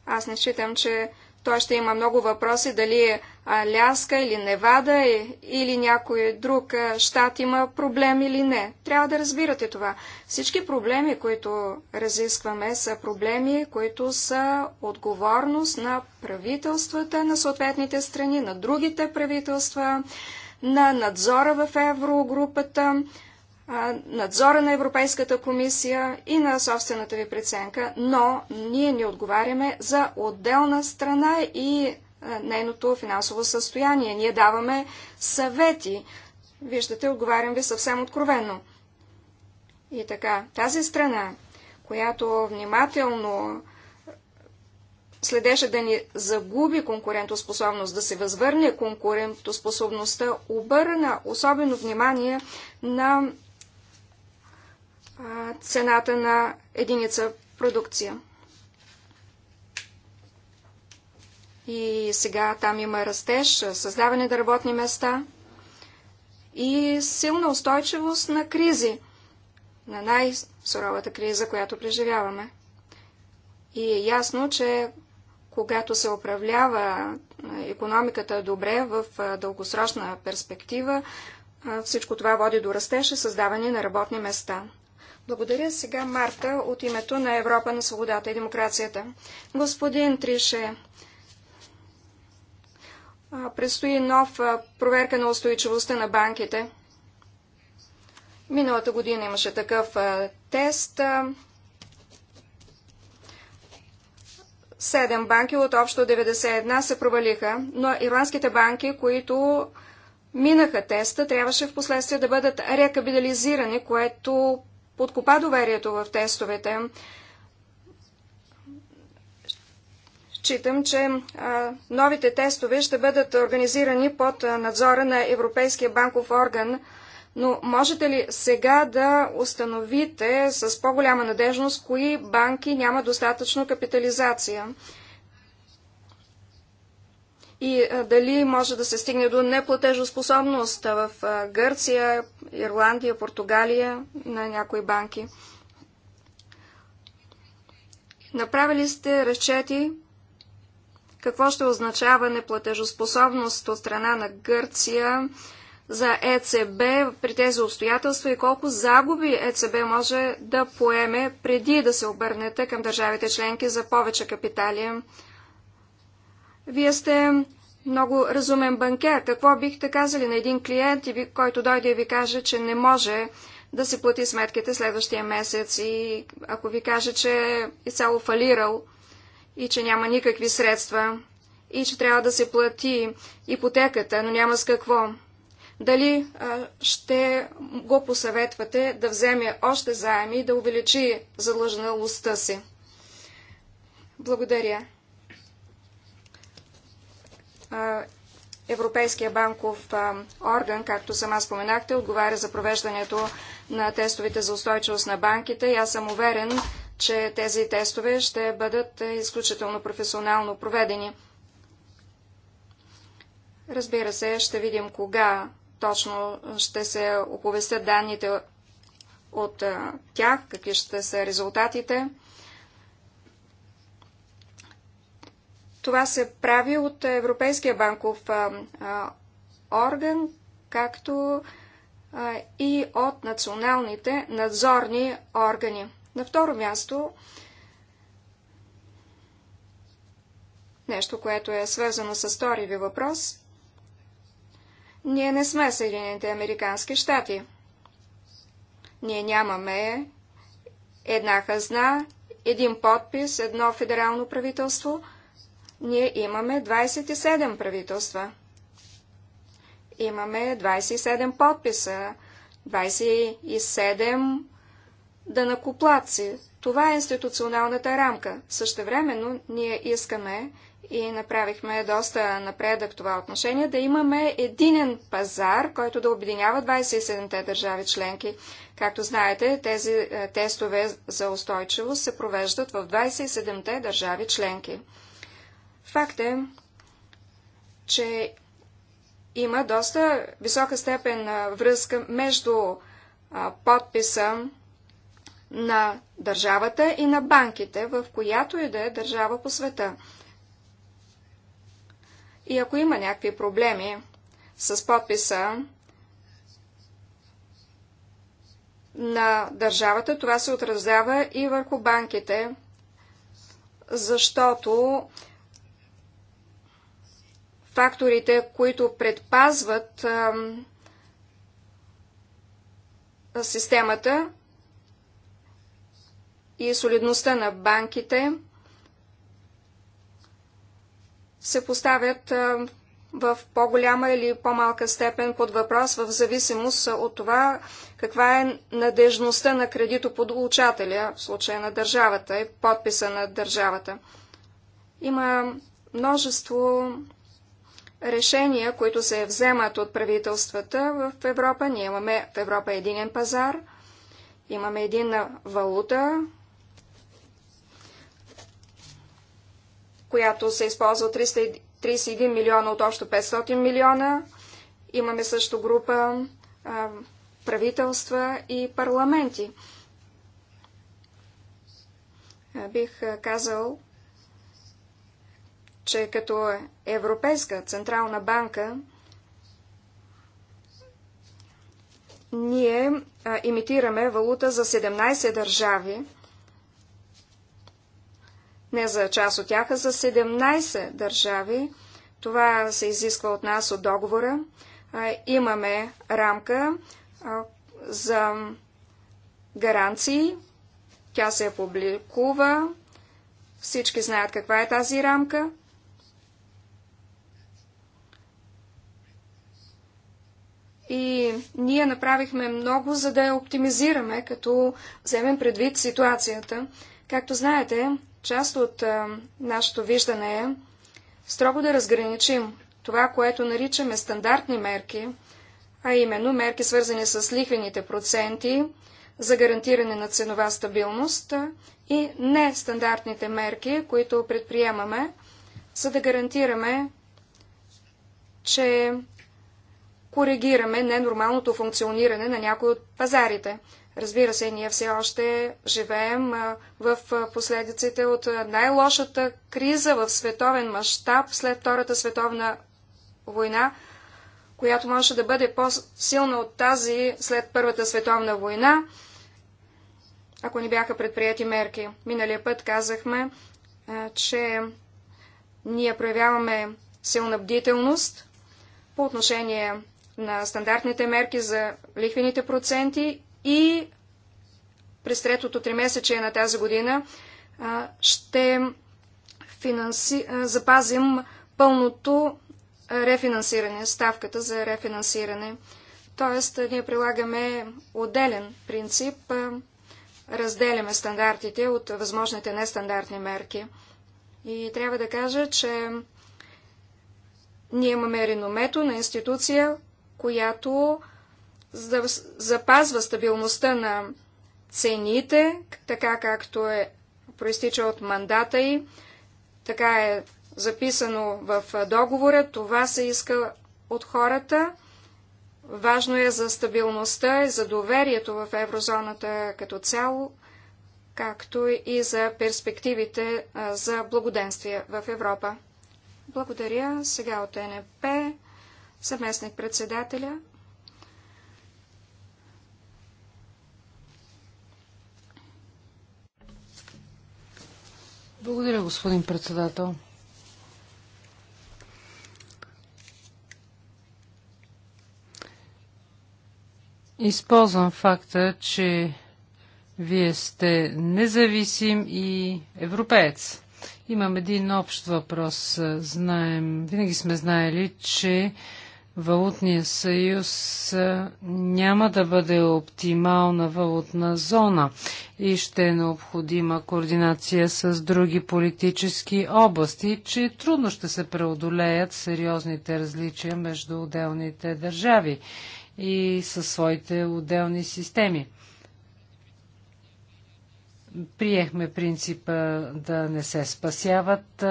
Аз не считам, че той ще има много въпроси дали е Аляска или Невада е, или някой друг щат има проблем или не. Трябва да разбирате това. Всички проблеми, които разискваме, са проблеми, които са отговорност на правителствата на съответните страни, на другите правителства, на надзора в еврогрупата, надзора на Европейската комисия и на собствената ви преценка, но ние не отговаряме за отделна страна и нейното финансово състояние. Ние даваме съвети. Виждате, отговарям ви съвсем откровенно. И така, тази страна, която внимателно следеше да ни загуби конкурентоспособност, да се възвърне конкурентоспособността, обърна особено внимание на цената на единица продукция. и сега там има растеж, създаване на работни места и силна устойчивост на кризи, на най-суровата криза, която преживяваме. И е ясно, че когато се управлява економиката добре в дългосрочна перспектива, всичко това води до растеж и създаване на работни места. Благодаря сега Марта от името на Европа на свободата и демокрацията. Господин Трише, Предстои нов проверка на устойчивостта на банките. Миналата година имаше такъв тест. Седем банки от общо 91 се провалиха, но ирландските банки, които минаха теста, трябваше в последствие да бъдат рекапитализирани, което подкопа доверието в тестовете. Считам, че новите тестове ще бъдат организирани под надзора на Европейския банков орган, но можете ли сега да установите с по-голяма надежност, кои банки няма достатъчно капитализация? И дали може да се стигне до неплатежоспособност в Гърция, Ирландия, Португалия на някои банки? Направили сте разчети какво ще означава неплатежоспособност от страна на Гърция за ЕЦБ при тези обстоятелства и колко загуби ЕЦБ може да поеме преди да се обърнете към държавите членки за повече капитали. Вие сте много разумен банкер. Какво бихте казали на един клиент, който дойде и ви каже, че не може да си плати сметките следващия месец и ако ви каже, че е изцяло фалирал – и че няма никакви средства и че трябва да се плати ипотеката, но няма с какво. Дали а, ще го посъветвате да вземе още заеми и да увеличи задлъжналостта си? Благодаря. А, Европейския банков а, орган, както сама споменахте, отговаря за провеждането на тестовите за устойчивост на банките и аз съм уверен, че тези тестове ще бъдат изключително професионално проведени. Разбира се, ще видим кога точно ще се оповестят данните от тях, какви ще са резултатите. Това се прави от Европейския банков орган, както и от националните надзорни органи. На второ място, нещо, което е свързано с втори ви въпрос, ние не сме Съединените Американски щати. Ние нямаме една хазна, един подпис, едно федерално правителство. Ние имаме 27 правителства. Имаме 27 подписа, 27 данакоплаци. Това е институционалната рамка. Същевременно ние искаме и направихме доста напредък това отношение, да имаме единен пазар, който да обединява 27-те държави членки. Както знаете, тези е, тестове за устойчивост се провеждат в 27-те държави членки. Факт е, че има доста висока степен връзка между подписа на държавата и на банките, в която и да е държава по света. И ако има някакви проблеми с подписа на държавата, това се отразява и върху банките, защото факторите, които предпазват системата, и солидността на банките се поставят в по-голяма или по-малка степен под въпрос в зависимост от това каква е надежността на кредитополучателя, в случая на държавата и подписа на държавата. Има множество решения, които се вземат от правителствата в Европа. Ние имаме в Европа единен пазар, имаме един валута, която се използва 31 331 милиона от общо 500 милиона. Имаме също група правителства и парламенти. Бих казал, че като Европейска централна банка ние имитираме валута за 17 държави не за част от тях, а за 17 държави. Това се изисква от нас от договора. Имаме рамка за гаранции. Тя се публикува. Всички знаят каква е тази рамка. И ние направихме много, за да я оптимизираме, като вземем предвид ситуацията. Както знаете, Част от а, нашето виждане е строго да разграничим това, което наричаме стандартни мерки, а именно мерки свързани с лихвените проценти за гарантиране на ценова стабилност и нестандартните мерки, които предприемаме, за да гарантираме, че коригираме ненормалното функциониране на някои от пазарите. Разбира се, ние все още живеем в последиците от най-лошата криза в световен мащаб след Втората световна война, която може да бъде по-силна от тази след Първата световна война, ако не бяха предприяти мерки. Миналия път казахме, че ние проявяваме силна бдителност по отношение на стандартните мерки за лихвените проценти и през третото тримесечие на тази година ще финанси... запазим пълното рефинансиране, ставката за рефинансиране. Тоест, ние прилагаме отделен принцип, разделяме стандартите от възможните нестандартни мерки. И трябва да кажа, че ние имаме реномето на институция, която за да запазва стабилността на цените, така както е проистича от мандата и, така е записано в договора, това се иска от хората. Важно е за стабилността и за доверието в еврозоната като цяло, както и за перспективите за благоденствие в Европа. Благодаря. Сега от НП, съместник председателя. Благодаря, господин председател. Използвам факта, че вие сте независим и европеец. Имам един общ въпрос. Знаем, винаги сме знаели, че Валутния съюз няма да бъде оптимална валутна зона и ще е необходима координация с други политически области, че трудно ще се преодолеят сериозните различия между отделните държави и със своите отделни системи. Приехме принципа да не се спасяват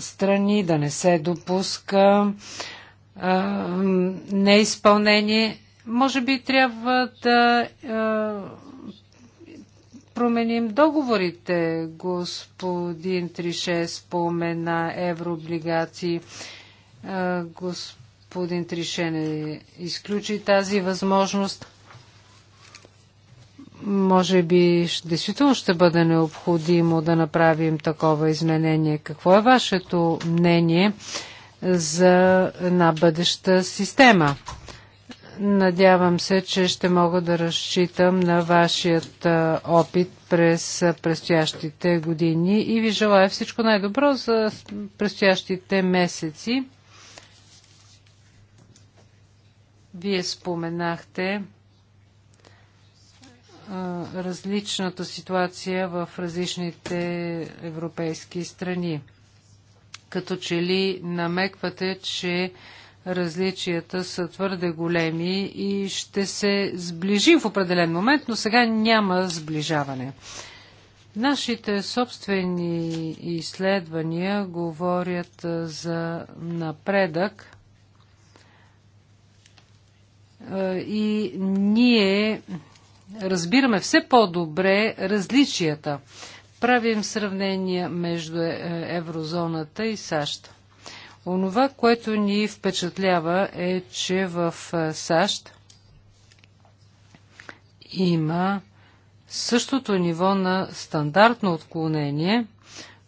страни, да не се допуска неизпълнение. Може би трябва да променим договорите. Господин Трише спомена еврооблигации. Господин Трише не изключи тази възможност може би действително ще бъде необходимо да направим такова изменение. Какво е вашето мнение за една бъдеща система? Надявам се, че ще мога да разчитам на вашият опит през предстоящите години и ви желая всичко най-добро за предстоящите месеци. Вие споменахте различната ситуация в различните европейски страни. Като че ли намеквате, че различията са твърде големи и ще се сближим в определен момент, но сега няма сближаване. Нашите собствени изследвания говорят за напредък и ние разбираме все по-добре различията. Правим сравнение между е, еврозоната и САЩ. Онова, което ни впечатлява е, че в е, САЩ има същото ниво на стандартно отклонение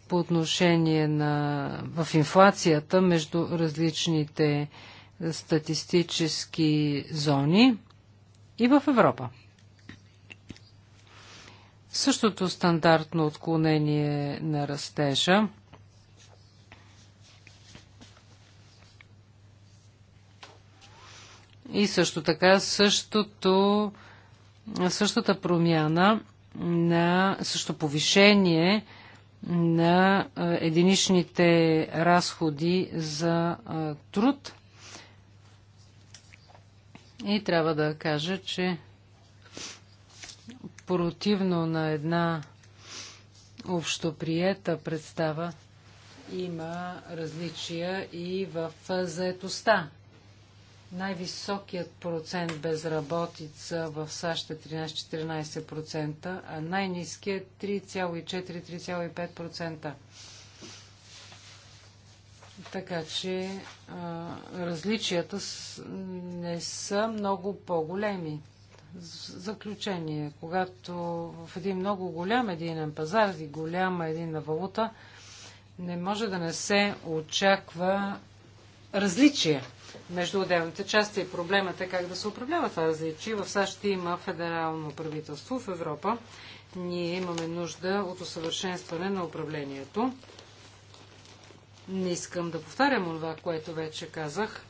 по отношение на, в инфлацията между различните статистически зони и в Европа. Същото стандартно отклонение на растежа. И също така същото, същата промяна на също повишение на единичните разходи за труд. И трябва да кажа, че противно на една общоприета представа, има различия и в заетостта. Най-високият процент безработица в САЩ е 13-14%, а най-низкият 3,4-3,5%. Е така че а, различията не са много по-големи. Заключение. Когато в един много голям единен пазар и голяма единна валута, не може да не се очаква различие между отделните части и проблемът е как да се управлява това различие. В САЩ има федерално правителство, в Европа ние имаме нужда от усъвършенстване на управлението. Не искам да повтарям това, което вече казах.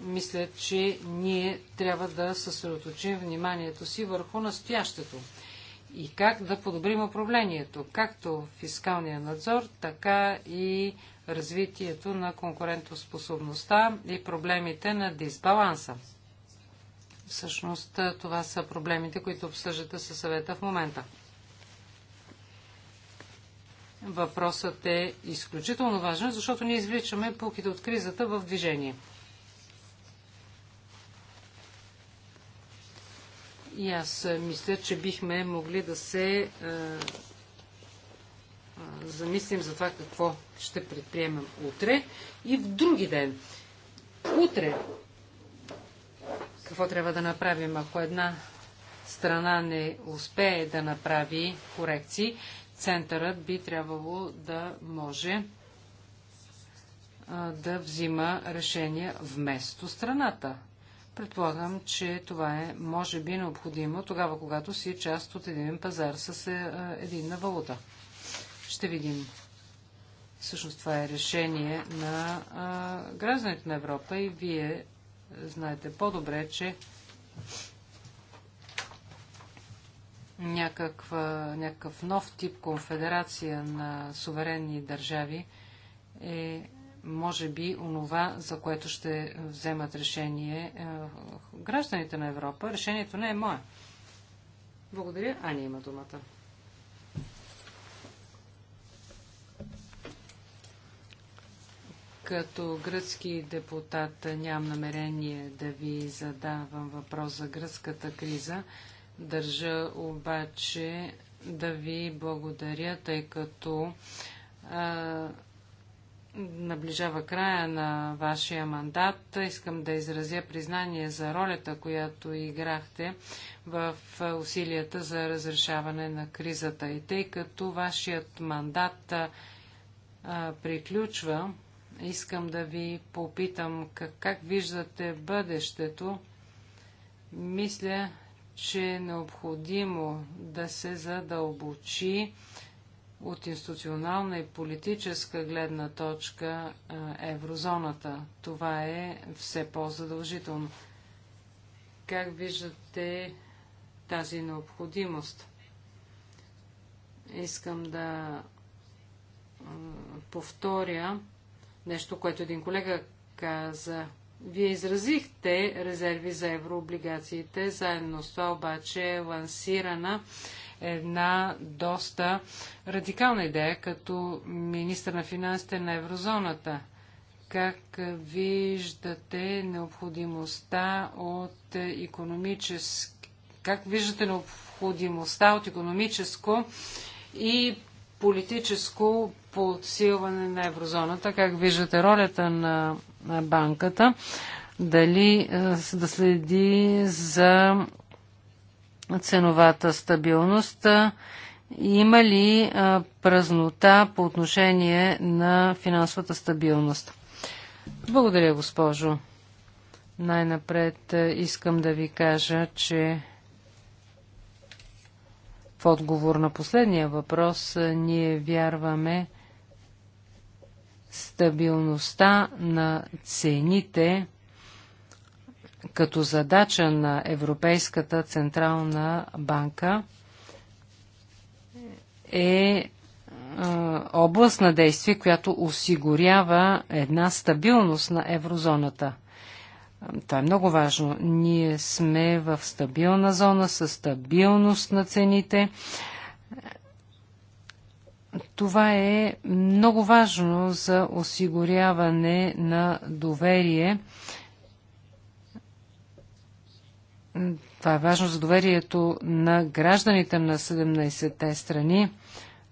Мисля, че ние трябва да съсредоточим вниманието си върху настоящето и как да подобрим управлението, както фискалния надзор, така и развитието на конкурентоспособността и проблемите на дисбаланса. Всъщност това са проблемите, които обсъждате със съвета в момента. Въпросът е изключително важен, защото ние извличаме пулките от кризата в движение. И аз мисля, че бихме могли да се а, а, замислим за това какво ще предприемем утре и в други ден. Утре какво трябва да направим, ако една страна не успее да направи корекции, центърът би трябвало да може а, да взима решения вместо страната. Предполагам, че това е, може би, необходимо тогава, когато си част от един пазар с е, е, единна валута. Ще видим. Всъщност това е решение на а, гражданите на Европа и вие знаете по-добре, че някаква, някакъв нов тип конфедерация на суверенни държави е може би онова, за което ще вземат решение е, гражданите на Европа. Решението не е мое. Благодаря. Ани има думата. Като гръцки депутат нямам намерение да ви задавам въпрос за гръцката криза. Държа обаче да ви благодаря, тъй като а, наближава края на вашия мандат. Искам да изразя признание за ролята, която играхте в усилията за разрешаване на кризата. И тъй като вашият мандат приключва, искам да ви попитам как, как виждате бъдещето. Мисля, че е необходимо да се задълбочи от институционална и политическа гледна точка еврозоната. Това е все по-задължително. Как виждате тази необходимост? Искам да повторя нещо, което един колега каза. Вие изразихте резерви за еврооблигациите, заедно с това обаче е лансирана една доста радикална идея като министър на финансите на еврозоната. Как виждате необходимостта от економическо... Как виждате необходимостта от економическо и политическо подсилване на еврозоната? Как виждате ролята на, на банката? Дали е, да следи за ценовата стабилност. Има ли празнота по отношение на финансовата стабилност? Благодаря, госпожо. Най-напред искам да ви кажа, че в отговор на последния въпрос ние вярваме стабилността на цените като задача на Европейската централна банка е, е област на действие, която осигурява една стабилност на еврозоната. Това е много важно. Ние сме в стабилна зона, със стабилност на цените. Това е много важно за осигуряване на доверие това е важно за доверието на гражданите на 17-те страни.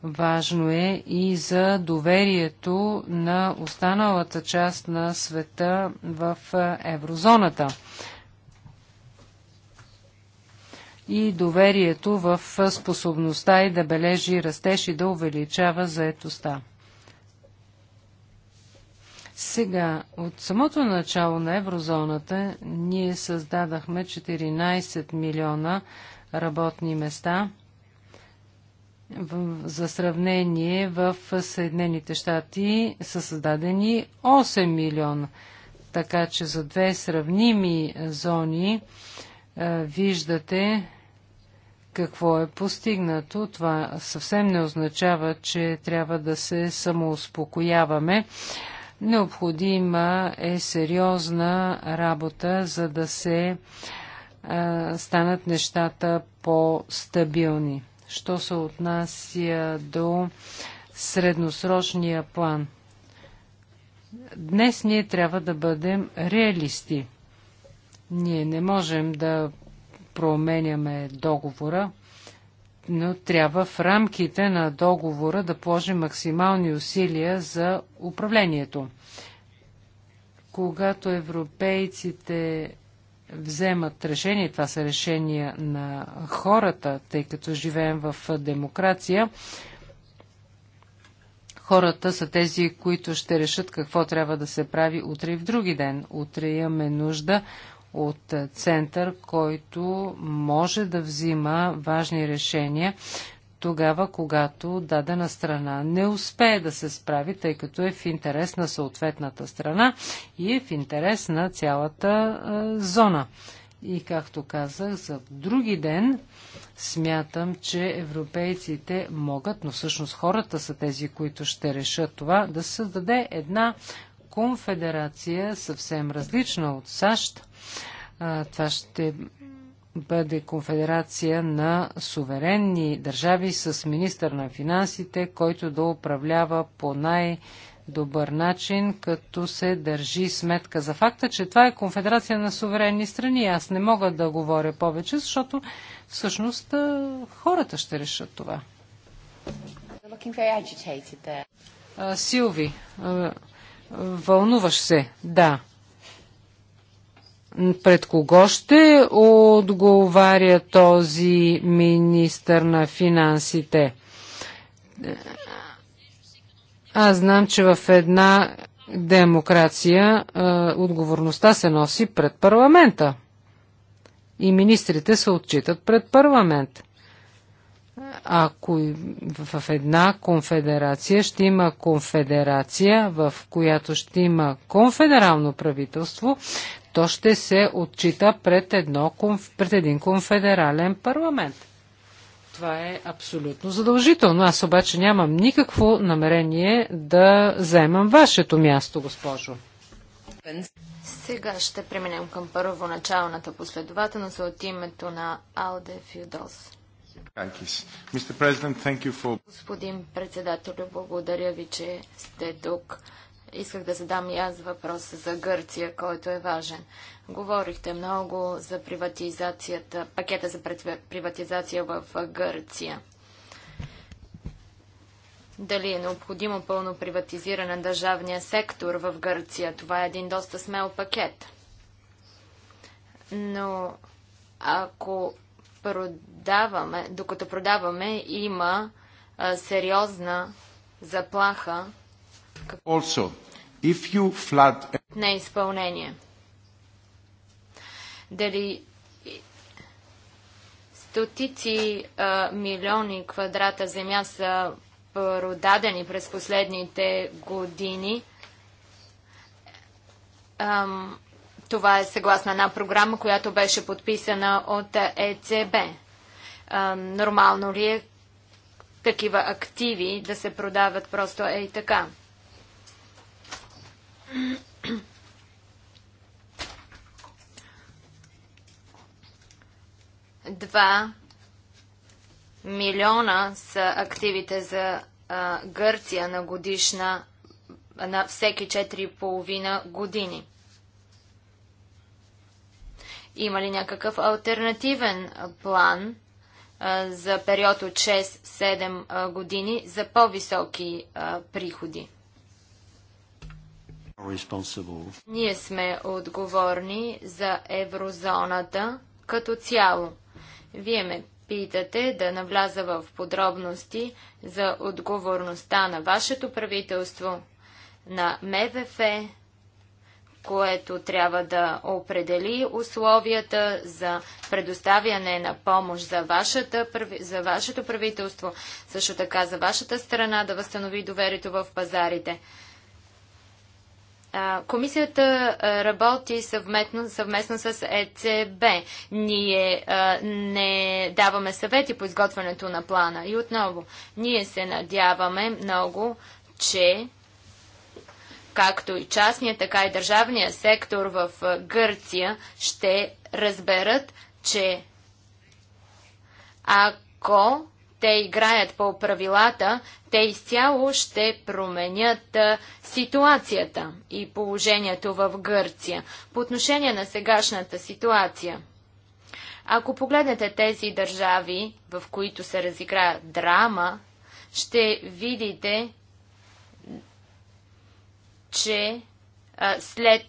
Важно е и за доверието на останалата част на света в еврозоната. И доверието в способността и да бележи растеж и да увеличава заетостта. Сега, от самото начало на еврозоната ние създадахме 14 милиона работни места. За сравнение в Съединените щати са създадени 8 милиона. Така че за две сравними зони е, виждате какво е постигнато. Това съвсем не означава, че трябва да се самоуспокояваме. Необходима е сериозна работа, за да се а, станат нещата по-стабилни. Що се отнася до средносрочния план? Днес ние трябва да бъдем реалисти. Ние не можем да променяме договора, но трябва в рамките на договора да положим максимални усилия за управлението. Когато европейците вземат решение, това са решения на хората, тъй като живеем в демокрация, хората са тези, които ще решат какво трябва да се прави утре и в други ден. Утре имаме нужда от е, център, който може да взима важни решения тогава, когато дадена страна не успее да се справи, тъй като е в интерес на съответната страна и е в интерес на цялата е, зона. И както казах, за други ден смятам, че европейците могат, но всъщност хората са тези, които ще решат това, да създаде една конфедерация, съвсем различна от САЩ. Това ще бъде конфедерация на суверенни държави с министър на финансите, който да управлява по най- добър начин, като се държи сметка за факта, че това е конфедерация на суверенни страни. Аз не мога да говоря повече, защото всъщност хората ще решат това. Силви, Вълнуваш се, да. Пред кого ще отговаря този министър на финансите? Аз знам, че в една демокрация отговорността се носи пред парламента. И министрите се отчитат пред парламент. Ако в една конфедерация ще има конфедерация, в която ще има конфедерално правителство, то ще се отчита пред, едно, пред един конфедерален парламент. Това е абсолютно задължително. Аз обаче нямам никакво намерение да заемам вашето място, госпожо. Сега ще преминем към първоначалната последователност от името на Алде Фюдос. Господин председател, благодаря ви, че сте тук. Исках да задам и аз въпрос за Гърция, който е важен. Говорихте много за приватизацията, пакета за приватизация в Гърция. Дали е необходимо пълно приватизиране на държавния сектор в Гърция? Това е един доста смел пакет. Но ако продаваме, докато продаваме, има а, сериозна заплаха also, if you flood... неизпълнение. Дали стотици а, милиони квадрата земя са продадени през последните години, ам, това е съгласна една програма, която беше подписана от ЕЦБ. Нормално ли е такива активи да се продават просто е и така? Два милиона са активите за Гърция на годишна на всеки 4,5 години. Има ли някакъв альтернативен план за период от 6-7 години за по-високи приходи? Ние сме отговорни за еврозоната като цяло. Вие ме питате да навляза в подробности за отговорността на вашето правителство, на МВФ, което трябва да определи условията за предоставяне на помощ за, вашата, за вашето правителство, също така за вашата страна да възстанови доверието в пазарите. Комисията работи съвместно, съвместно с ЕЦБ. Ние а, не даваме съвети по изготвянето на плана. И отново, ние се надяваме много, че както и частния, така и държавния сектор в Гърция ще разберат, че ако те играят по правилата, те изцяло ще променят ситуацията и положението в Гърция по отношение на сегашната ситуация. Ако погледнете тези държави, в които се разигра драма, ще видите, че след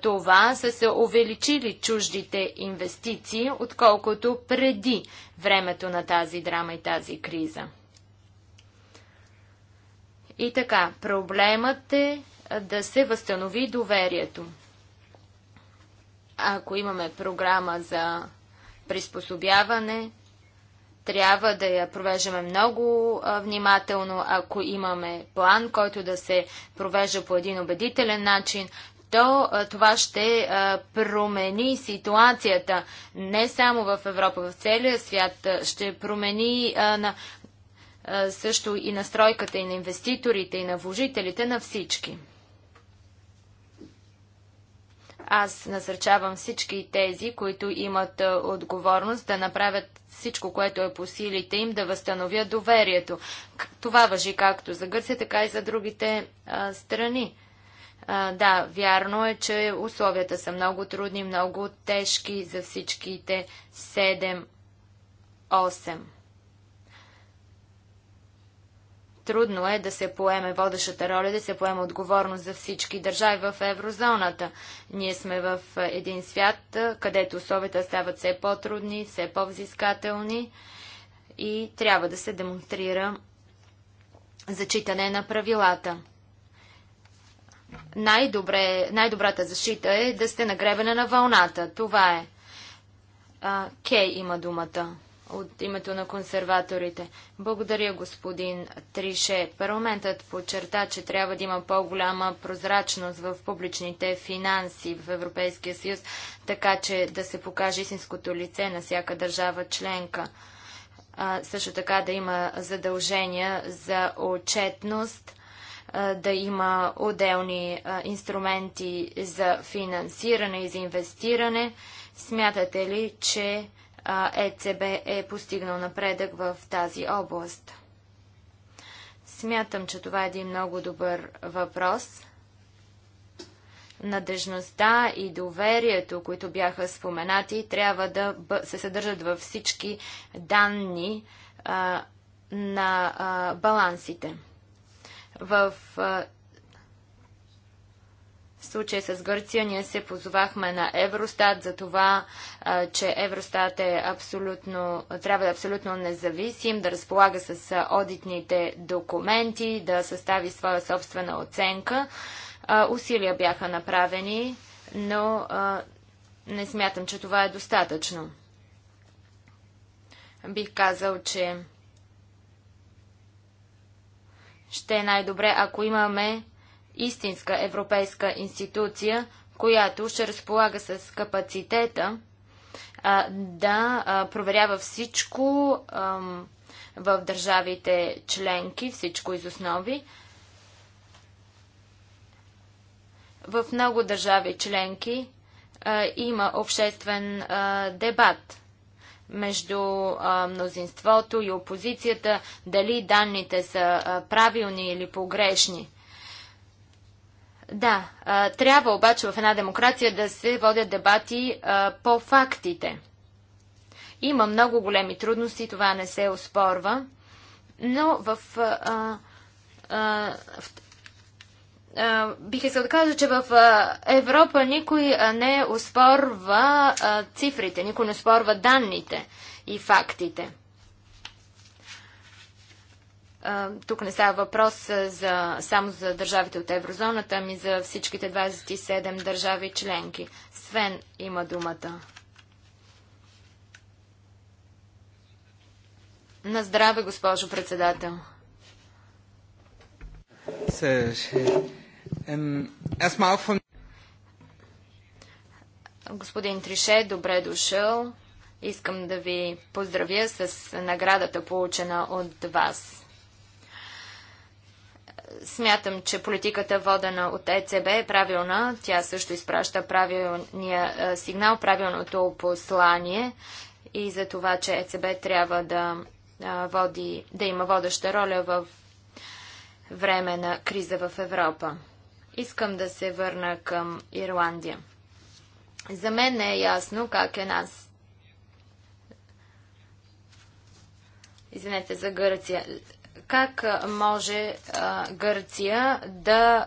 това са се увеличили чуждите инвестиции, отколкото преди времето на тази драма и тази криза. И така, проблемът е да се възстанови доверието. Ако имаме програма за приспособяване, трябва да я провеждаме много внимателно. Ако имаме план, който да се провежда по един убедителен начин, то това ще промени ситуацията не само в Европа, в целия свят. Ще промени на, също и настройката и на инвеститорите, и на вложителите, на всички. Аз насърчавам всички тези, които имат отговорност да направят всичко, което е по силите им, да възстановят доверието. Това въжи както за Гърция, така и за другите а, страни. А, да, вярно е, че условията са много трудни, много тежки за всичките 7-8. Трудно е да се поеме водещата роля, да се поеме отговорност за всички държави в еврозоната. Ние сме в е, един свят, е, където условията стават все по-трудни, все по-взискателни и трябва да се демонстрира зачитане на правилата. Най-добре, най-добрата защита е да сте нагребена на вълната. Това е. Кей има думата от името на консерваторите. Благодаря, господин Трише. Парламентът подчерта, че трябва да има по-голяма прозрачност в публичните финанси в Европейския съюз, така че да се покаже истинското лице на всяка държава членка. А, също така да има задължения за отчетност, а, да има отделни а, инструменти за финансиране и за инвестиране. Смятате ли, че ЕЦБ е постигнал напредък в тази област? Смятам, че това е един много добър въпрос. Надежността и доверието, които бяха споменати, трябва да се съдържат във всички данни а, на а, балансите. В а, в случая с Гърция ние се позовахме на Евростат за това, че Евростат е абсолютно, трябва да е абсолютно независим, да разполага с одитните документи, да състави своя собствена оценка. Усилия бяха направени, но не смятам, че това е достатъчно. Бих казал, че ще е най-добре, ако имаме истинска европейска институция, която ще разполага с капацитета а, да а, проверява всичко а, в държавите членки, всичко из основи. В много държави членки а, има обществен а, дебат между а, мнозинството и опозицията, дали данните са а, правилни или погрешни. Да, трябва обаче в една демокрация да се водят дебати по фактите. Има много големи трудности, това не се оспорва, но в. А, а, в бих искал да кажа, че в Европа никой не оспорва цифрите, никой не оспорва данните и фактите. Тук не става въпрос за, само за държавите от еврозоната, ами за всичките 27 държави членки. Свен има думата. На здраве, госпожо председател. Господин Трише, добре дошъл. Искам да ви поздравя с наградата, получена от вас. Смятам, че политиката водена от ЕЦБ е правилна. Тя също изпраща правилния е, сигнал, правилното послание и за това, че ЕЦБ трябва да, е, води, да има водеща роля в време на криза в Европа. Искам да се върна към Ирландия. За мен не е ясно как е нас. Извинете за Гърция как може Гърция да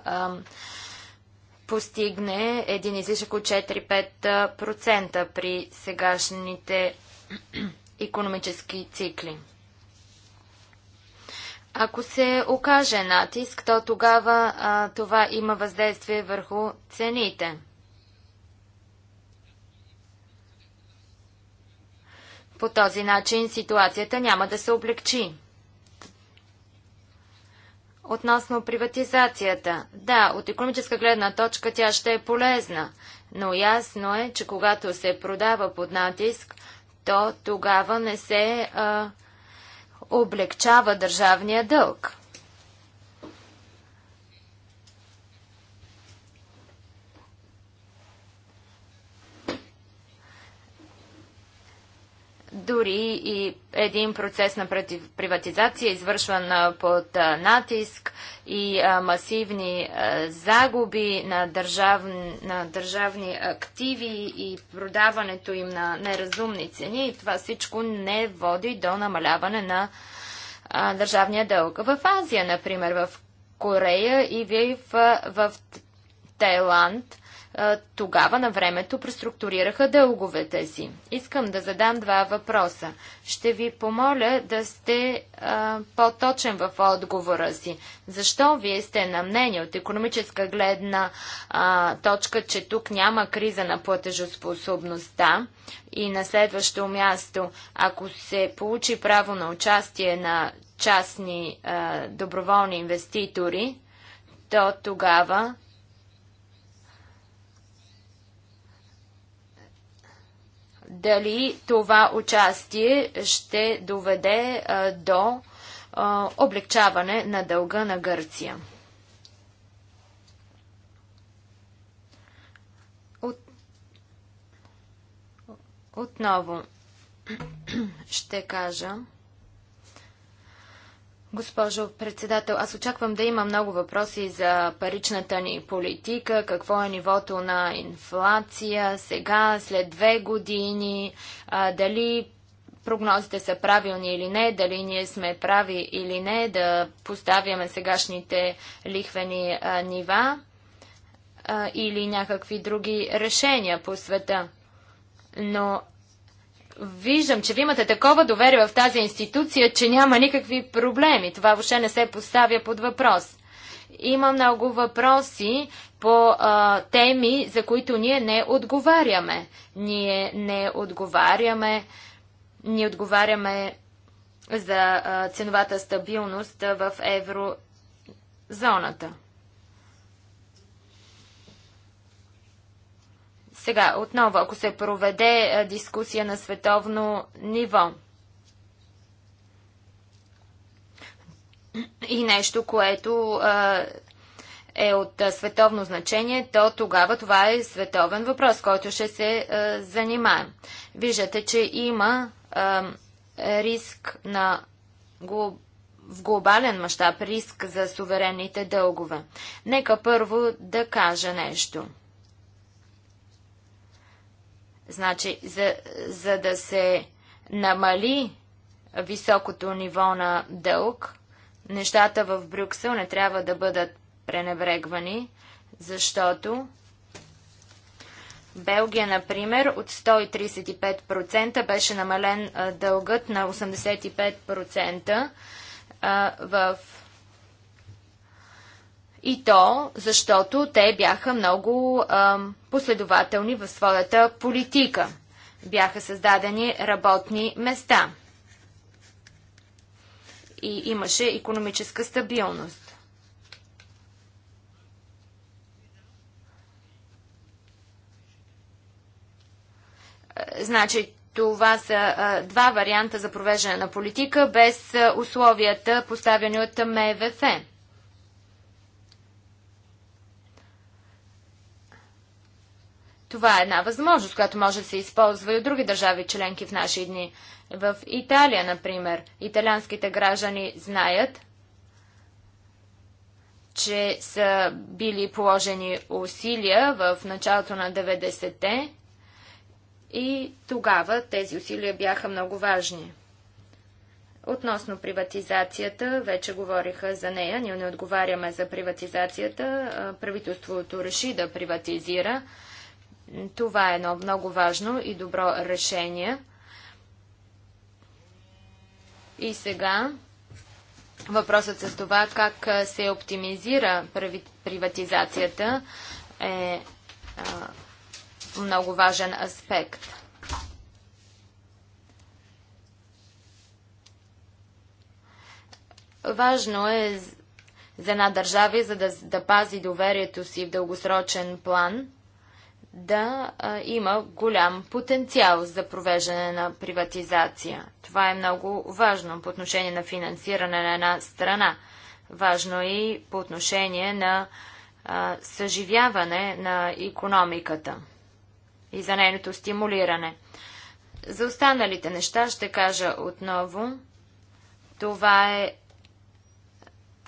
постигне един излишък от 4-5% при сегашните економически цикли. Ако се окаже натиск, то тогава а, това има въздействие върху цените. По този начин ситуацията няма да се облегчи. Относно приватизацията. Да, от економическа гледна точка тя ще е полезна, но ясно е, че когато се продава под натиск, то тогава не се а, облегчава държавния дълг. Дори и един процес на приватизация, извършван под натиск и масивни загуби на, държав... на държавни активи и продаването им на неразумни цени, това всичко не води до намаляване на държавния дълг. В Азия, например, в Корея и в, в Тайланд – тогава на времето преструктурираха дълговете си. Искам да задам два въпроса. Ще ви помоля да сте по-точен в отговора си. Защо вие сте на мнение от економическа гледна а, точка, че тук няма криза на платежоспособността? И на следващо място, ако се получи право на участие на частни а, доброволни инвеститори, то тогава дали това участие ще доведе до облегчаване на дълга на Гърция. Отново ще кажа, Госпожо председател, аз очаквам да има много въпроси за паричната ни политика, какво е нивото на инфлация сега, след две години, дали прогнозите са правилни или не, дали ние сме прави или не, да поставяме сегашните лихвени нива или някакви други решения по света. Но виждам, че ви имате такова доверие в тази институция, че няма никакви проблеми. Това въобще не се поставя под въпрос. Има много въпроси по а, теми, за които ние не отговаряме. Ние не отговаряме. Ние отговаряме за а, ценовата стабилност в еврозоната. Сега, отново, ако се проведе дискусия на световно ниво и нещо, което е от световно значение, то тогава това е световен въпрос, който ще се занимаем. Виждате, че има риск на в глобален мащаб, риск за суверенните дългове. Нека първо да кажа нещо. Значи, за, за да се намали високото ниво на дълг, нещата в Брюксел не трябва да бъдат пренебрегвани, защото Белгия, например, от 135% беше намален дългът на 85% в и то, защото те бяха много а, последователни в своята политика. Бяха създадени работни места. И имаше економическа стабилност. Е, значи, това са а, два варианта за провеждане на политика без а, условията, поставени от МВФ. Това е една възможност, която може да се използва и от други държави членки в наши дни. В Италия, например, италианските граждани знаят, че са били положени усилия в началото на 90-те и тогава тези усилия бяха много важни. Относно приватизацията, вече говориха за нея, ние не отговаряме за приватизацията. Правителството реши да приватизира това е едно много важно и добро решение. И сега въпросът с това как се оптимизира приватизацията е много важен аспект. Важно е за една държава, за да, да пази доверието си в дългосрочен план – да а, има голям потенциал за провеждане на приватизация. Това е много важно по отношение на финансиране на една страна. Важно и по отношение на а, съживяване на економиката и за нейното стимулиране. За останалите неща ще кажа отново. Това е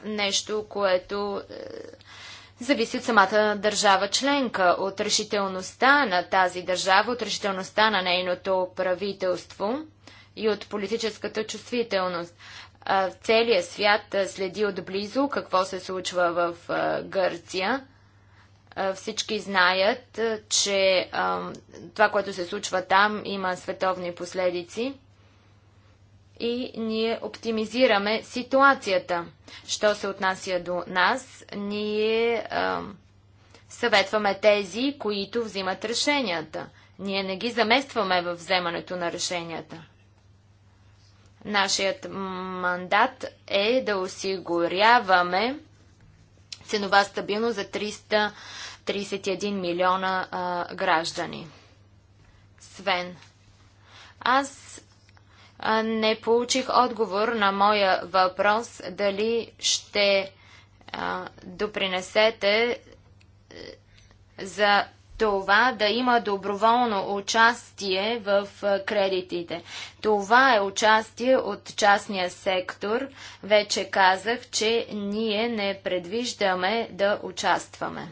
нещо, което е, зависи от самата държава членка, от решителността на тази държава, от решителността на нейното правителство и от политическата чувствителност. Целият свят следи отблизо какво се случва в Гърция. Всички знаят, че това, което се случва там, има световни последици и ние оптимизираме ситуацията. Що се отнася до нас, ние а, съветваме тези, които взимат решенията. Ние не ги заместваме в вземането на решенията. Нашият мандат е да осигуряваме ценова стабилност за 331 милиона а, граждани. Свен. Аз не получих отговор на моя въпрос дали ще допринесете е, за това да има доброволно участие в кредитите. Това е участие от частния сектор. Вече казах, че ние не предвиждаме да участваме.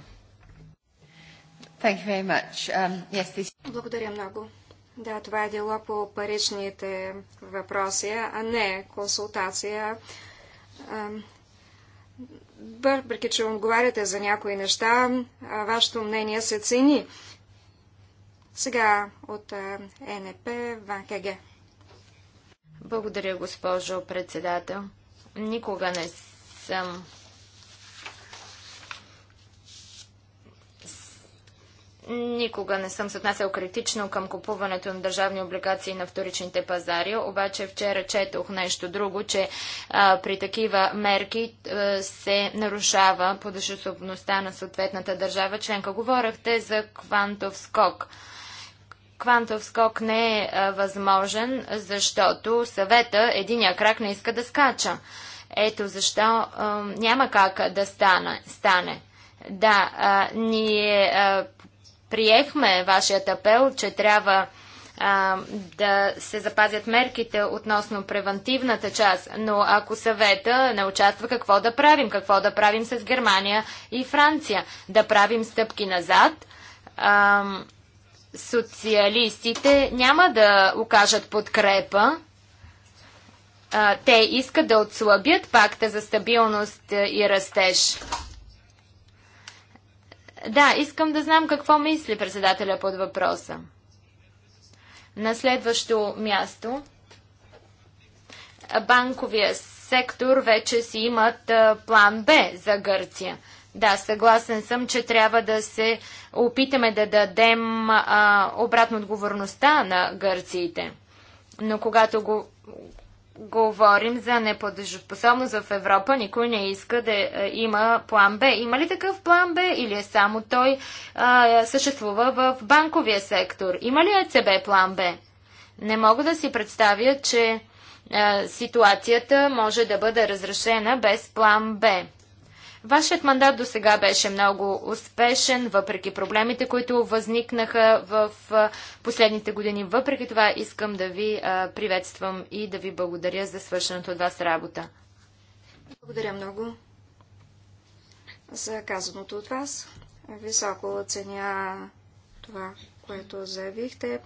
Um, yes, this... Благодаря много. Да, това е дело по паричните въпроси, а не консултация. Въпреки, че отговаряте за някои неща, вашето мнение се цени. Сега от ЕНП ВАНКГ. Благодаря, госпожо председател. Никога не съм Никога не съм се отнасял критично към купуването на държавни облигации на вторичните пазари, обаче вчера четох нещо друго, че а, при такива мерки а, се нарушава подъжеспособността на съответната държава членка. Говорихте за квантов скок. Квантов скок не е а, възможен, защото съвета единия крак не иска да скача. Ето защо а, няма как да стане. стане. Да, а, ние а, приехме вашият апел, че трябва а, да се запазят мерките относно превентивната част, но ако съвета не участва, какво да правим? Какво да правим с Германия и Франция? Да правим стъпки назад? А, социалистите няма да окажат подкрепа. те искат да отслабят пакта за стабилност и растеж. Да, искам да знам какво мисли председателя под въпроса. На следващо място, банковия сектор вече си имат план Б за Гърция. Да, съгласен съм, че трябва да се опитаме да дадем а, обратно отговорността на гърците. Но когато го, говорим за неплатежоспособност в Европа, никой не иска да е, има план Б. Има ли такъв план Б или е само той а, съществува в банковия сектор? Има ли ЕЦБ план Б? Не мога да си представя, че а, ситуацията може да бъде разрешена без план Б. Вашият мандат до сега беше много успешен, въпреки проблемите, които възникнаха в последните години. Въпреки това искам да ви приветствам и да ви благодаря за свършената от вас работа. Благодаря много за казаното от вас. Високо оценя това, което заявихте.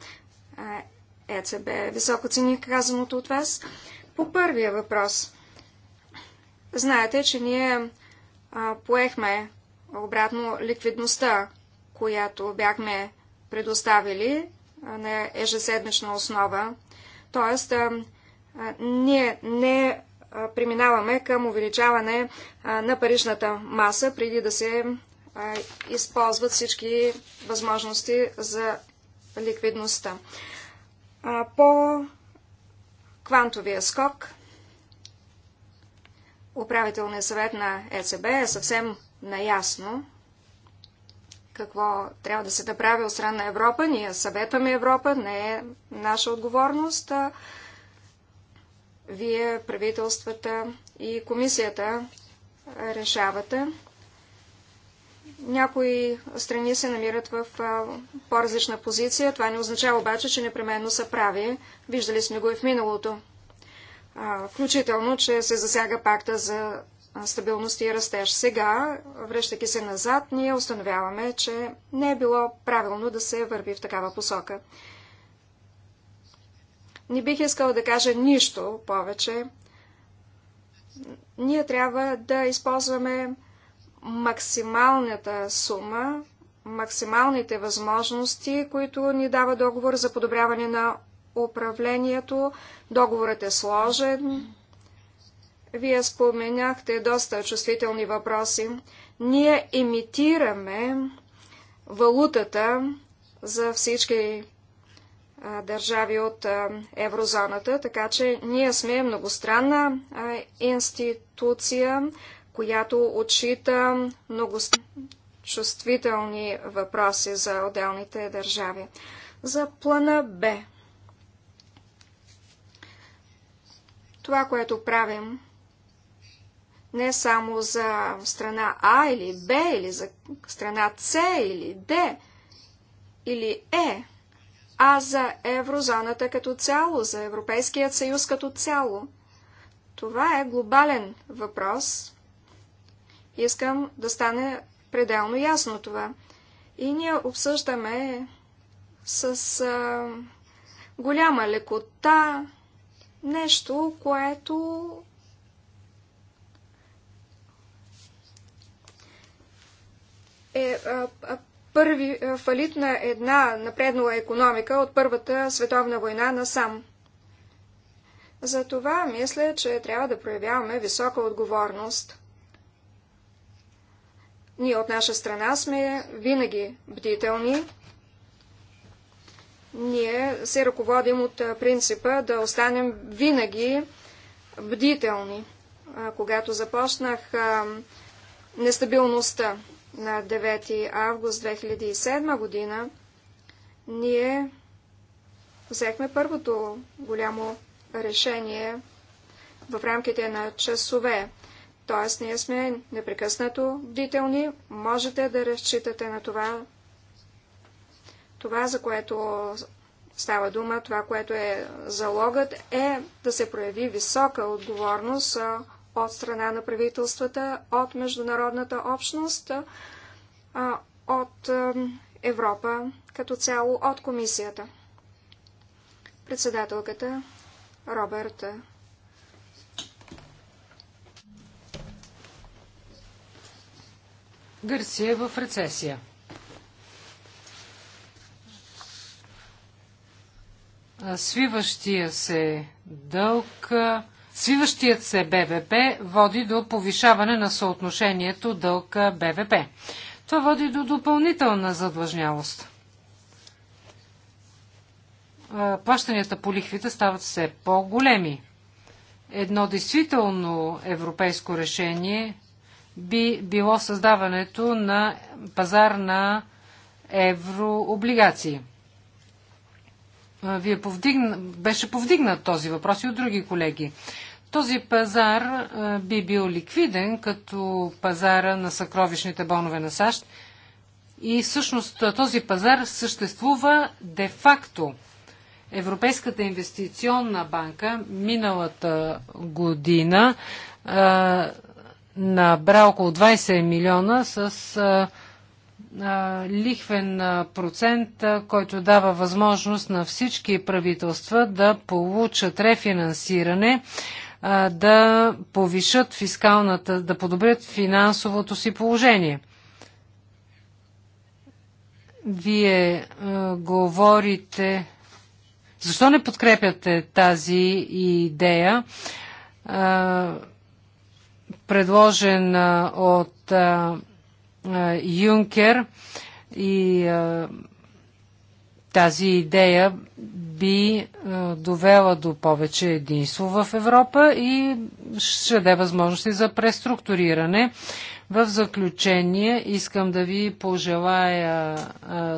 ЕЦБ високо цени казаното от вас. По първия въпрос. Знаете, че ние поехме обратно ликвидността, която бяхме предоставили на ежеседмична основа. Тоест, ние не преминаваме към увеличаване на паричната маса, преди да се използват всички възможности за ликвидността. По квантовия скок – Управителния съвет на ЕЦБ е съвсем наясно какво трябва да се направи от страна на Европа. Ние съветваме Европа, не е наша отговорност. Вие, правителствата и комисията решавате. Някои страни се намират в по-различна позиция. Това не означава обаче, че непременно са прави. Виждали сме го и в миналото включително, че се засяга пакта за стабилност и растеж. Сега, връщайки се назад, ние установяваме, че не е било правилно да се върви в такава посока. Не бих искала да кажа нищо повече. Ние трябва да използваме максималната сума, максималните възможности, които ни дава договор за подобряване на управлението. Договорът е сложен. Вие споменяхте доста чувствителни въпроси. Ние имитираме валутата за всички държави от еврозоната, така че ние сме многостранна институция, която отчита много чувствителни въпроси за отделните държави. За плана Б. Това, което правим не само за страна А или Б, или за страна С или Д, или Е, а за еврозоната като цяло, за Европейският съюз като цяло. Това е глобален въпрос. Искам да стане пределно ясно това. И ние обсъждаме с а, голяма лекота, нещо, което е а, а, първи а, фалит на една напреднала економика от Първата световна война насам. Затова мисля, че трябва да проявяваме висока отговорност. Ние от наша страна сме винаги бдителни, ние се ръководим от принципа да останем винаги бдителни. Когато започнах нестабилността на 9 август 2007 година, ние взехме първото голямо решение в рамките на часове. Тоест, ние сме непрекъснато бдителни. Можете да разчитате на това, това, за което става дума, това, което е залогът, е да се прояви висока отговорност от страна на правителствата, от международната общност, от Европа като цяло, от комисията. Председателката Робърт. Гърция е в рецесия. свиващия се дълг, свиващият се БВП води до повишаване на съотношението дълг БВП. Това води до допълнителна задлъжнялост. Плащанията по лихвите стават все по-големи. Едно действително европейско решение би било създаването на пазар на еврооблигации – вие повдигна, беше повдигнат този въпрос и от други колеги. Този пазар би бил ликвиден като пазара на съкровищните бонове на САЩ и всъщност този пазар съществува де-факто. Европейската инвестиционна банка миналата година набра около 20 милиона с а, лихвен процент, който дава възможност на всички правителства да получат рефинансиране, да повишат фискалната, да подобрят финансовото си положение. Вие говорите. Защо не подкрепяте тази идея, предложена от Юнкер и тази идея би довела до повече единство в Европа и ще даде възможности за преструктуриране. В заключение искам да ви пожелая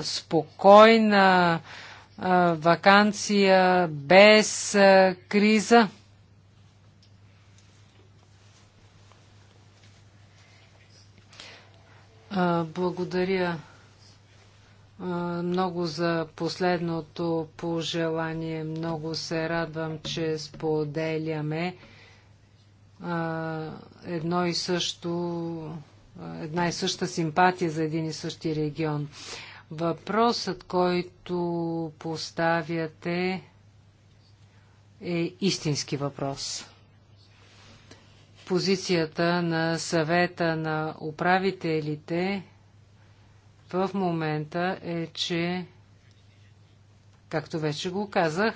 спокойна вакансия без криза. Благодаря много за последното пожелание. Много се радвам, че споделяме едно и също, една и съща симпатия за един и същи регион. Въпросът, който поставяте, е истински въпрос позицията на съвета на управителите в момента е, че, както вече го казах,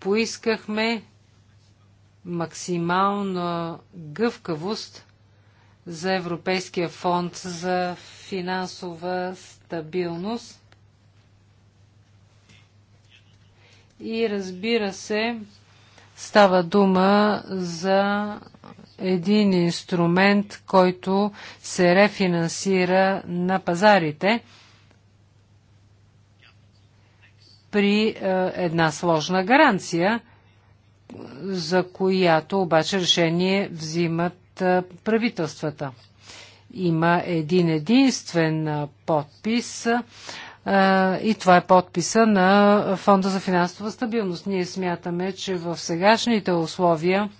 поискахме максимална гъвкавост за Европейския фонд за финансова стабилност. И разбира се, Става дума за един инструмент, който се рефинансира на пазарите при е, една сложна гаранция, за която обаче решение взимат е, правителствата. Има един единствен е, подпис и това е подписа на Фонда за финансова стабилност. Ние смятаме, че в сегашните условия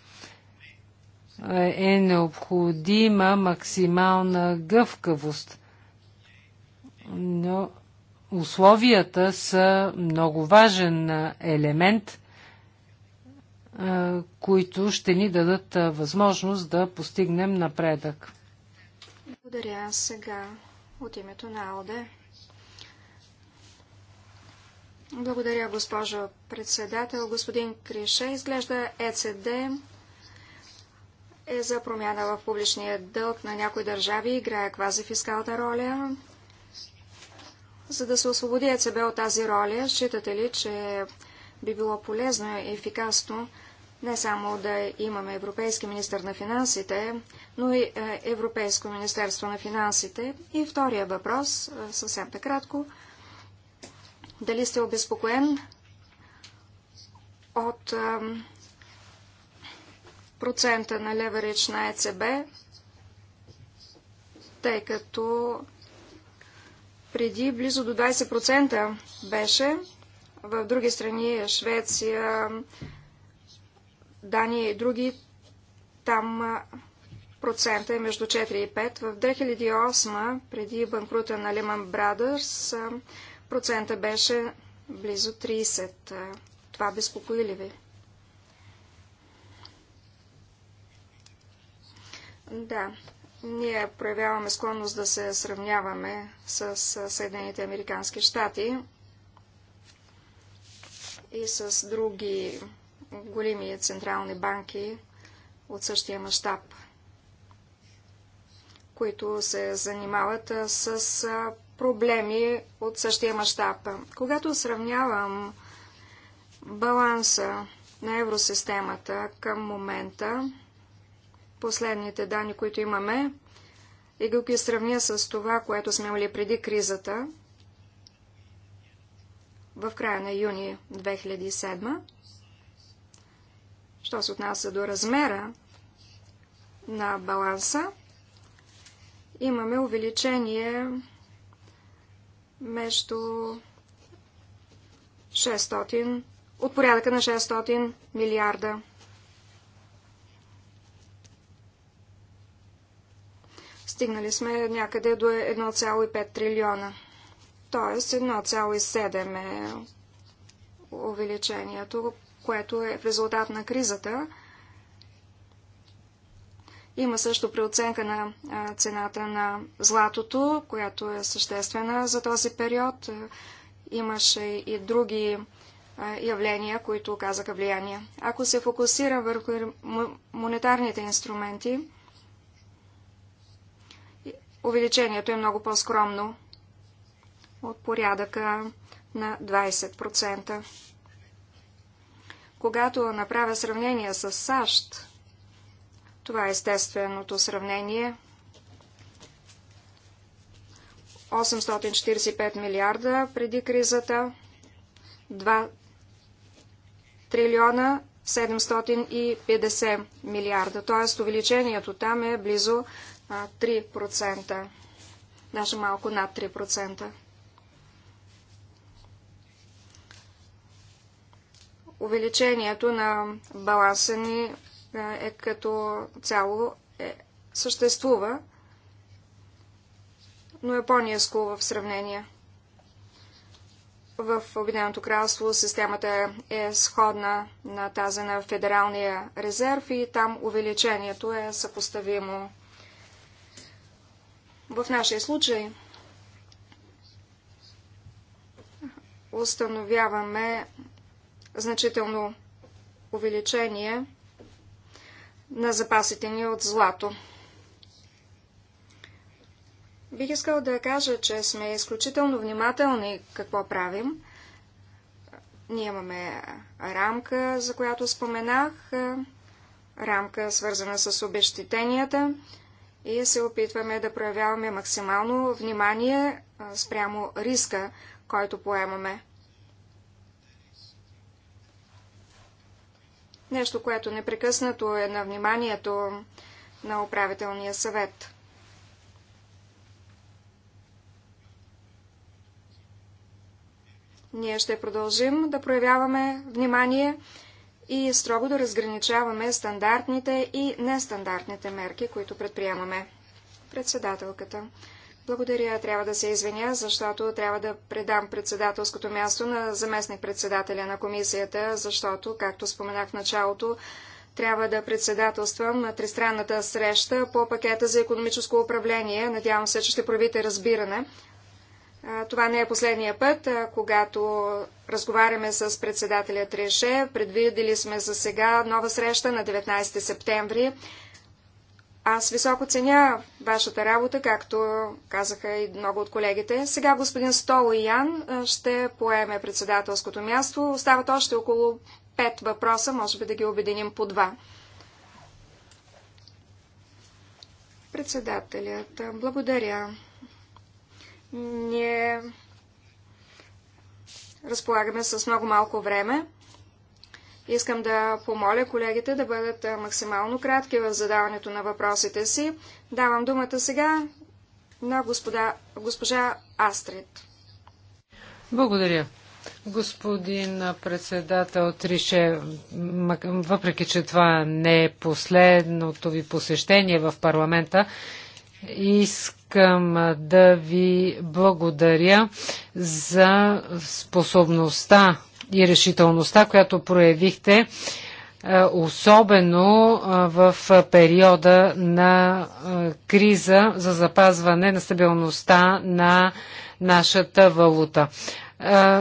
е необходима максимална гъвкавост. Но условията са много важен елемент, които ще ни дадат възможност да постигнем напредък. Благодаря сега от името на Алде. Благодаря, госпожо председател. Господин Крише, изглежда ЕЦД е за промяна в публичния дълг на някои държави, играе квазифискална роля. За да се освободи ЕЦБ от тази роля, считате ли, че би било полезно и ефикасно не само да имаме Европейски министр на финансите, но и е, Европейско министерство на финансите? И втория въпрос, е, съвсем така кратко дали сте обезпокоен от а, процента на леверидж на ЕЦБ, тъй като преди близо до 20% беше. В други страни, Швеция, Дания и други, там процента е между 4 и 5. В 2008, преди банкрута на Lehman Brothers, процента беше близо 30. Това безпокои ли ви? Да, ние проявяваме склонност да се сравняваме с Съединените Американски щати и с други големи централни банки от същия мащаб, които се занимават с проблеми от същия мащаб. Когато сравнявам баланса на евросистемата към момента, последните данни, които имаме, и го ги сравня с това, което сме имали преди кризата, в края на юни 2007, що се отнася до размера на баланса, имаме увеличение между 600, от порядъка на 600 милиарда. Стигнали сме някъде до 1,5 трилиона. Тоест 1,7 е увеличението, което е в резултат на кризата – има също преоценка на цената на златото, която е съществена за този период. Имаше и други явления, които оказаха влияние. Ако се фокусира върху монетарните инструменти, увеличението е много по-скромно от порядъка на 20%. Когато направя сравнение с САЩ, това е естественото сравнение. 845 милиарда преди кризата, 2 трилиона 750 милиарда. Т.е. увеличението там е близо 3%, даже малко над 3%. Увеличението на баланса ни е, е като цяло е, съществува, но е по-низко в сравнение. В Обединеното кралство системата е сходна на тази на Федералния резерв и там увеличението е съпоставимо. В нашия случай установяваме значително увеличение на запасите ни от злато. Бих искал да кажа, че сме изключително внимателни какво правим. Ние имаме рамка, за която споменах, рамка свързана с обещетенията и се опитваме да проявяваме максимално внимание спрямо риска, който поемаме. нещо, което непрекъснато е на вниманието на управителния съвет. Ние ще продължим да проявяваме внимание и строго да разграничаваме стандартните и нестандартните мерки, които предприемаме. Председателката. Благодаря, трябва да се извиня, защото трябва да предам председателското място на заместник-председателя на комисията, защото, както споменах в началото, трябва да председателствам тристранната среща по пакета за економическо управление. Надявам се, че ще проявите разбиране. Това не е последния път, когато разговаряме с председателя Треше. Предвидели сме за сега нова среща на 19 септември. Аз високо ценя вашата работа, както казаха и много от колегите. Сега господин Столоян ще поеме председателското място. Остават още около пет въпроса, може би да ги обединим по два. Председателят, благодаря. Ние разполагаме с много малко време. Искам да помоля колегите да бъдат максимално кратки в задаването на въпросите си. Давам думата сега на господа, госпожа Астрид. Благодаря. Господин председател Трише, въпреки че това не е последното ви посещение в парламента, искам да ви благодаря за способността и решителността, която проявихте, е, особено е, в периода на е, криза за запазване на стабилността на нашата валута.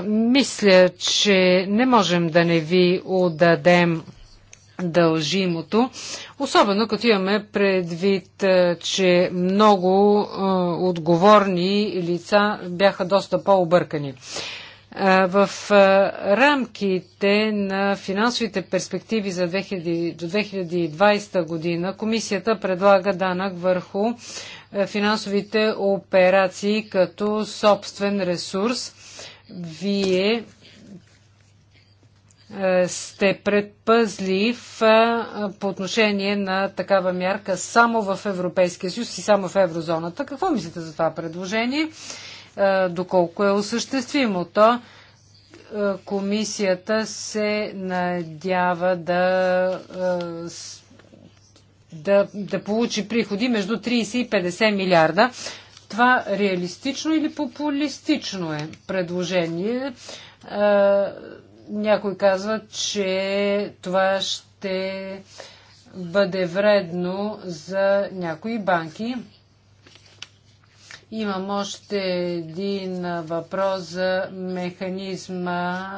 Мисля, че не можем да не ви отдадем дължимото, особено като имаме предвид, че много отговорни лица бяха доста по-объркани. В рамките на финансовите перспективи за 2000, до 2020 година комисията предлага данък върху финансовите операции като собствен ресурс. Вие сте предпазлив по отношение на такава мярка само в Европейския съюз и само в еврозоната. Какво мислите за това предложение? Е, доколко е осъществимо то. Е, комисията се надява да, е, да, да получи приходи между 30 и 50 милиарда. Това реалистично или популистично е предложение? Някой казва, че това ще бъде вредно за някои банки. Имам още един въпрос за механизма,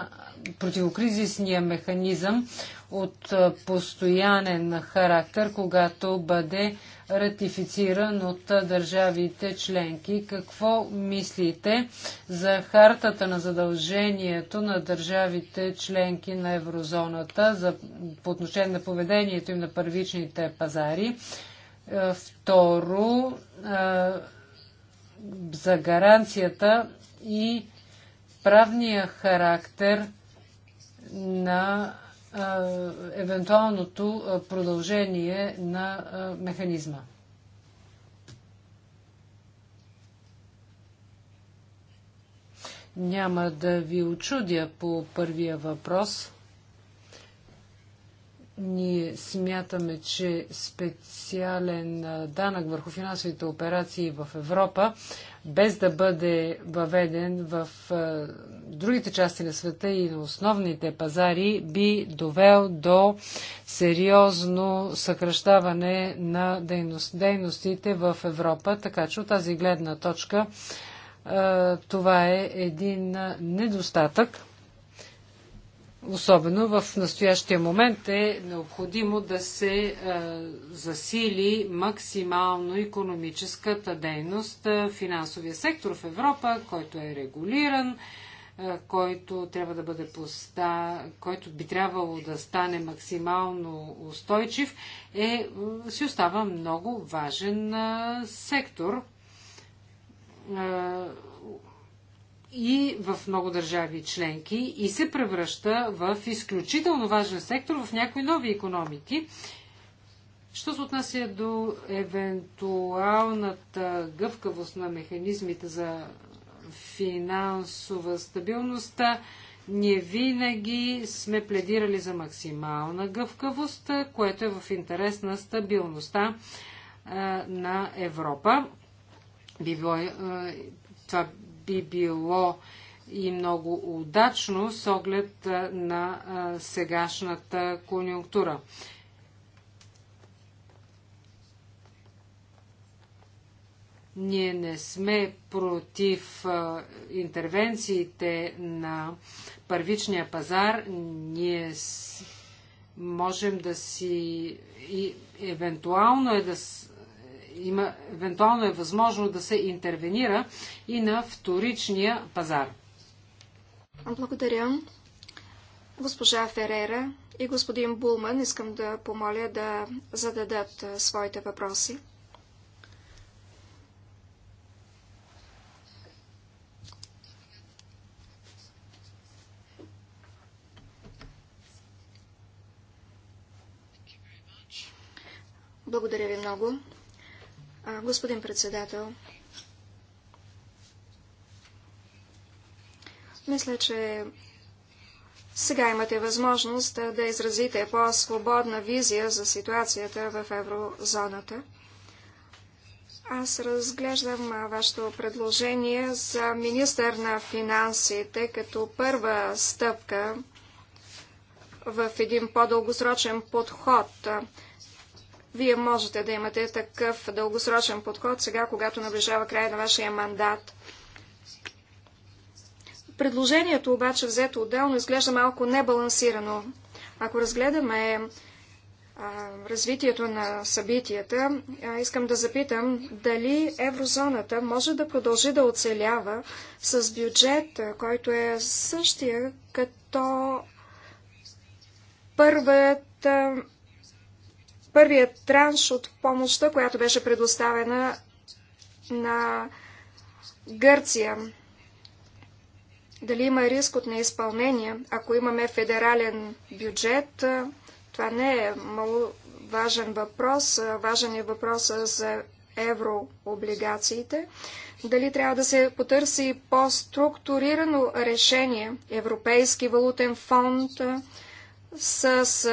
противокризисния механизъм от постоянен характер, когато бъде ратифициран от държавите членки. Какво мислите за хартата на задължението на държавите членки на еврозоната за, по отношение на поведението им на първичните пазари? Второ, за гаранцията и правния характер на евентуалното продължение на механизма. Няма да ви очудя по първия въпрос – ние смятаме, че специален данък върху финансовите операции в Европа, без да бъде въведен в другите части на света и на основните пазари, би довел до сериозно съкръщаване на дейност, дейностите в Европа. Така че от тази гледна точка това е един недостатък особено в настоящия момент, е необходимо да се е, засили максимално економическата дейност, е, финансовия сектор в Европа, който е регулиран, е, който трябва да бъде поста, който би трябвало да стане максимално устойчив, е, си остава много важен сектор и в много държави членки и се превръща в изключително важен сектор в някои нови економики. Що се отнася до евентуалната гъвкавост на механизмите за финансова стабилност, ние винаги сме пледирали за максимална гъвкавост, което е в интерес на стабилността на Европа. Би било, това би било и много удачно с оглед на сегашната конюнктура. Ние не сме против интервенциите на първичния пазар. Ние можем да си и евентуално е да има, евентуално е възможно да се интервенира и на вторичния пазар. Благодаря. Госпожа Ферера и господин Булман искам да помоля да зададат своите въпроси. Благодаря ви много господин председател, мисля, че сега имате възможност да изразите по-свободна визия за ситуацията в еврозоната. Аз разглеждам вашето предложение за министър на финансите като първа стъпка в един по-дългосрочен подход. Вие можете да имате такъв дългосрочен подход сега, когато наближава края на вашия мандат. Предложението обаче взето отделно изглежда малко небалансирано. Ако разгледаме а, развитието на събитията, а, искам да запитам дали еврозоната може да продължи да оцелява с бюджет, който е същия като първата първият транш от помощта, която беше предоставена на Гърция. Дали има риск от неизпълнение? Ако имаме федерален бюджет, това не е много важен въпрос. Важен е въпросът за еврооблигациите. Дали трябва да се потърси по-структурирано решение? Европейски валутен фонд с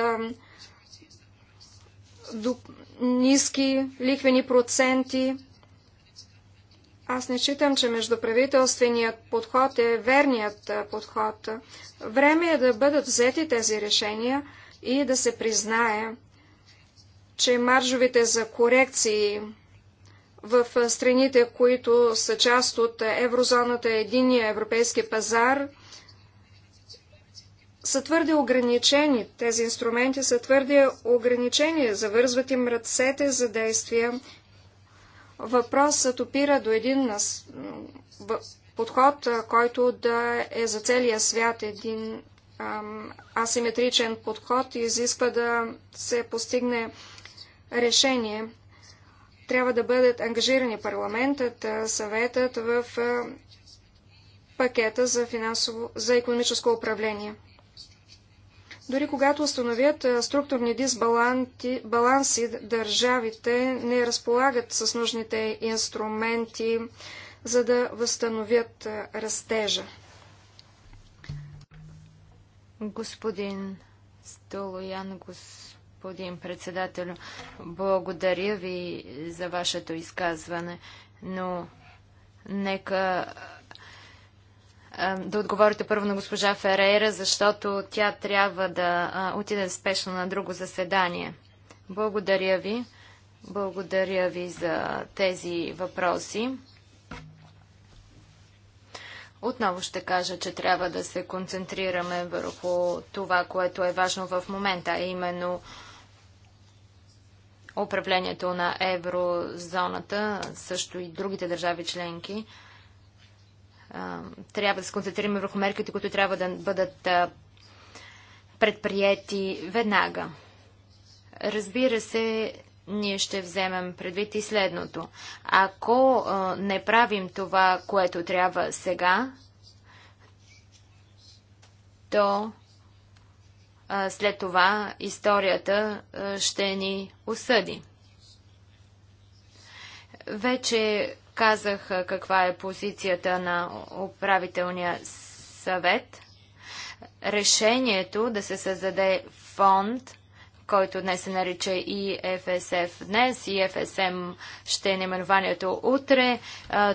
до ниски лихвени проценти. Аз не считам, че междуправителственият подход е верният подход. Време е да бъдат взети тези решения и да се признае, че маржовите за корекции в страните, които са част от еврозоната, единия европейски пазар – са твърде ограничени. Тези инструменти са твърде ограничени. Завързват им ръцете за действия. Въпросът опира до един нас... подход, който да е за целия свят един ам, асиметричен подход и изисква да се постигне решение. Трябва да бъдат ангажирани парламентът, съветът в пакета за, финансово, за економическо управление. Дори когато установят структурни дисбаланси, държавите не разполагат с нужните инструменти, за да възстановят растежа. Господин Столоян, господин председател, благодаря ви за вашето изказване, но нека да отговорите първо на госпожа Ферейра, защото тя трябва да отиде спешно на друго заседание. Благодаря ви. Благодаря ви за тези въпроси. Отново ще кажа, че трябва да се концентрираме върху това, което е важно в момента, а именно управлението на еврозоната, също и другите държави членки трябва да се концентрираме върху мерките, които трябва да бъдат предприяти веднага. Разбира се, ние ще вземем предвид и следното. Ако не правим това, което трябва сега, то след това историята ще ни осъди. Вече Казах каква е позицията на управителния съвет. Решението да се създаде фонд, който днес се нарича и ФСФ днес, и ФСМ ще е наименованието утре.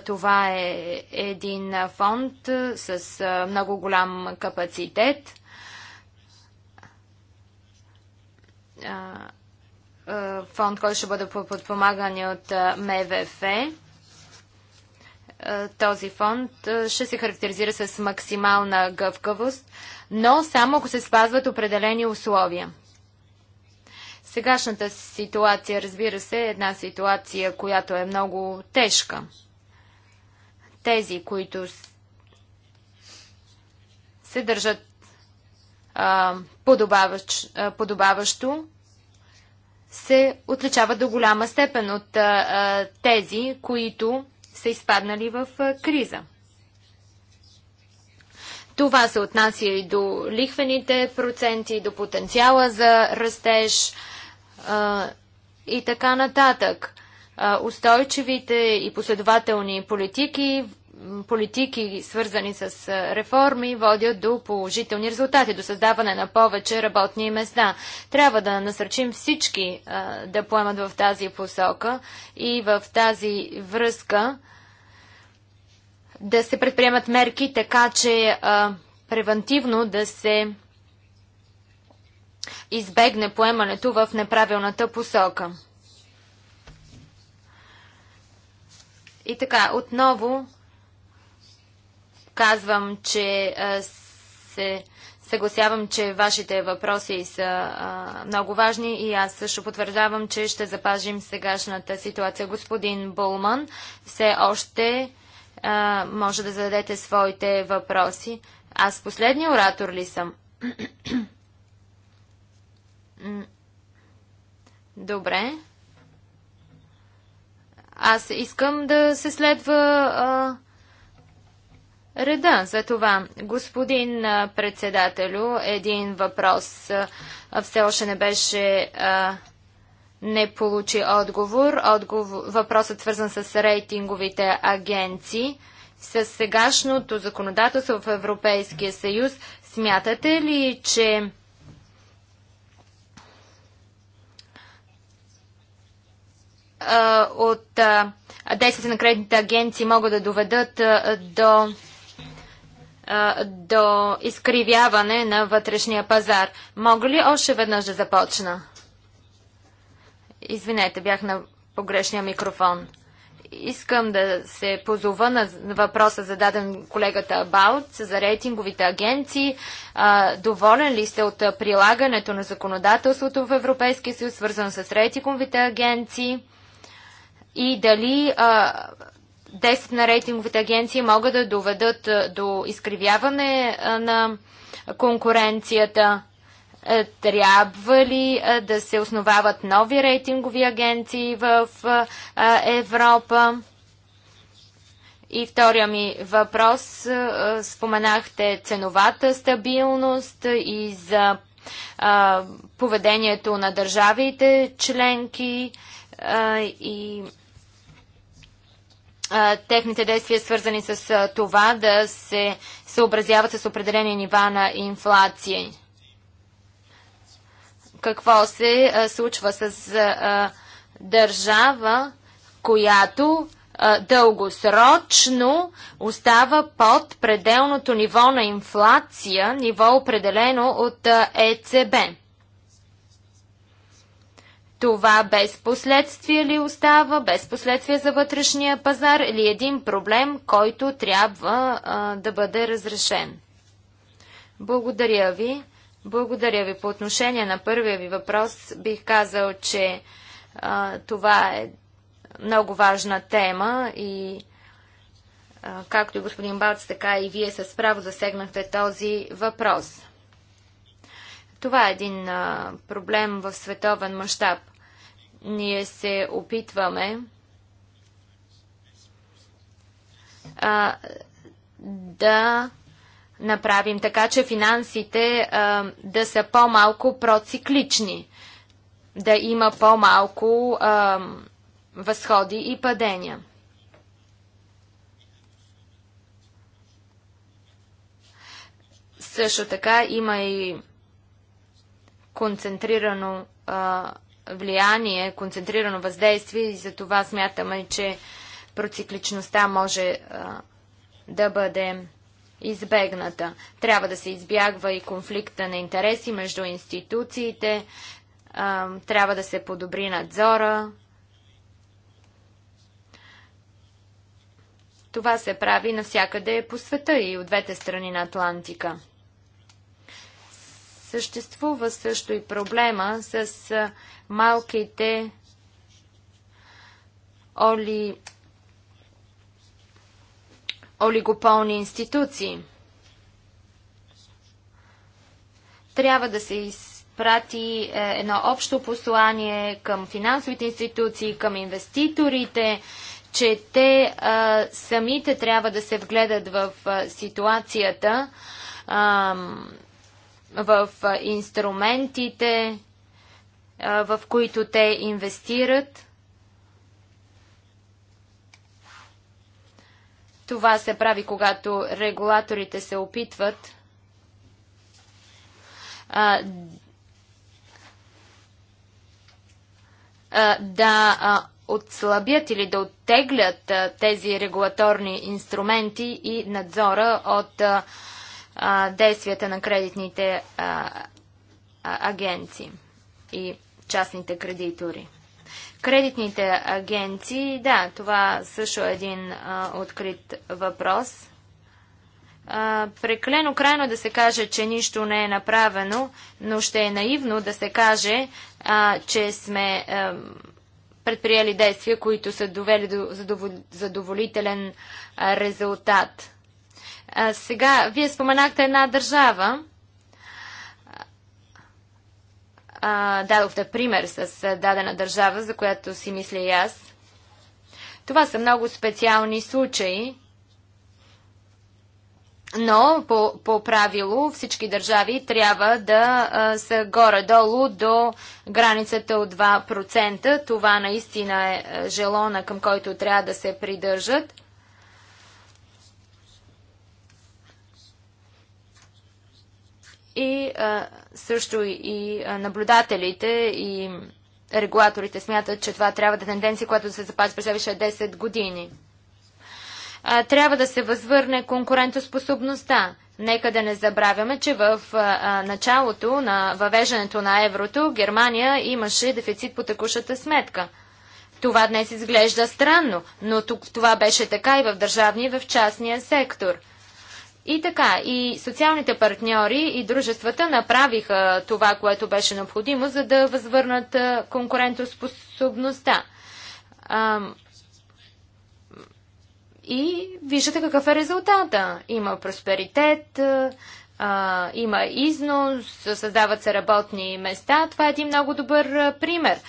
Това е един фонд с много голям капацитет фонд, който ще бъде подпомаган от МВФ. Е, този фонд е, ще се характеризира с максимална гъвкавост, но само ако се спазват определени условия. Сегашната ситуация, разбира се, е една ситуация, която е много тежка. Тези, които се държат а, подобаващ, а, подобаващо, се отличават до голяма степен от а, тези, които са изпаднали в криза. Това се отнася и до лихвените проценти, до потенциала за растеж и така нататък. устойчивите и последователни политики политики, свързани с реформи, водят до положителни резултати, до създаване на повече работни места. Трябва да насърчим всички да поемат в тази посока и в тази връзка да се предприемат мерки, така че превентивно да се избегне поемането в неправилната посока. И така, отново казвам, че се съгласявам, че вашите въпроси са много важни и аз също потвърждавам, че ще запазим сегашната ситуация. Господин Булман, все още може да зададете своите въпроси. Аз последния оратор ли съм? Добре. Аз искам да се следва а, реда. За това, господин председателю, един въпрос все още не беше не получи отговор. отговор. Въпросът свързан с рейтинговите агенции. С сегашното законодателство в Европейския съюз смятате ли, че от действията на кредитните агенции могат да доведат до до изкривяване на вътрешния пазар. Мога ли още веднъж да започна? Извинете, бях на погрешния микрофон. Искам да се позова на въпроса зададен колегата Балт за рейтинговите агенции. доволен ли сте от прилагането на законодателството в Европейския съюз, свързано с рейтинговите агенции? И дали 10 на рейтинговите агенции могат да доведат е, до изкривяване е, на конкуренцията. Е, трябва ли да се основават нови рейтингови агенции в Европа? И втория ми въпрос. Споменахте ценовата стабилност и за поведението на държавите членки и техните действия свързани с това да се съобразяват с определени нива на инфлация. Какво се случва с държава, която дългосрочно остава под пределното ниво на инфлация, ниво определено от ЕЦБ това без последствия ли остава, без последствия за вътрешния пазар или един проблем, който трябва а, да бъде разрешен? Благодаря ви. Благодаря ви. По отношение на първия ви въпрос бих казал, че а, това е много важна тема и а, както и господин Бац, така и вие с право засегнахте този въпрос. Това е един а, проблем в световен мащаб. Ние се опитваме а, да направим така, че финансите а, да са по-малко проциклични, да има по-малко възходи и падения. Също така има и концентрирано а, влияние, концентрирано въздействие и за това смятаме, че процикличността може а, да бъде избегната. Трябва да се избягва и конфликта на интереси между институциите, а, трябва да се подобри надзора. Това се прави навсякъде по света и от двете страни на Атлантика. Съществува също и проблема с малките оли... олигополни институции. Трябва да се изпрати е, едно общо послание към финансовите институции, към инвеститорите, че те а, самите трябва да се вгледат в а, ситуацията. А, в инструментите, в които те инвестират. Това се прави, когато регулаторите се опитват да отслабят или да оттеглят тези регулаторни инструменти и надзора от а, действията на кредитните а, а, агенции и частните кредитори. Кредитните агенции, да, това също е един а, открит въпрос. А, преклено крайно да се каже, че нищо не е направено, но ще е наивно да се каже, а, че сме а, предприели действия, които са довели до задоволителен резултат. А, сега, вие споменахте една държава. А, дадохте пример с дадена държава, за която си мисля и аз. Това са много специални случаи. Но по, по правило всички държави трябва да а, са горе-долу до границата от 2%. Това наистина е, е желона, към който трябва да се придържат. И а, също и наблюдателите и регулаторите смятат, че това трябва да е тенденция, която да се запази през следващите 10 години. А, трябва да се възвърне конкурентоспособността. Нека да не забравяме, че в а, началото на въвеждането на еврото Германия имаше дефицит по текущата сметка. Това днес изглежда странно, но тук това беше така и в държавния и в частния сектор – и така, и социалните партньори и дружествата направиха това, което беше необходимо, за да възвърнат конкурентоспособността. И виждате какъв е резултата. Има просперитет, има износ, създават се работни места. Това е един много добър пример,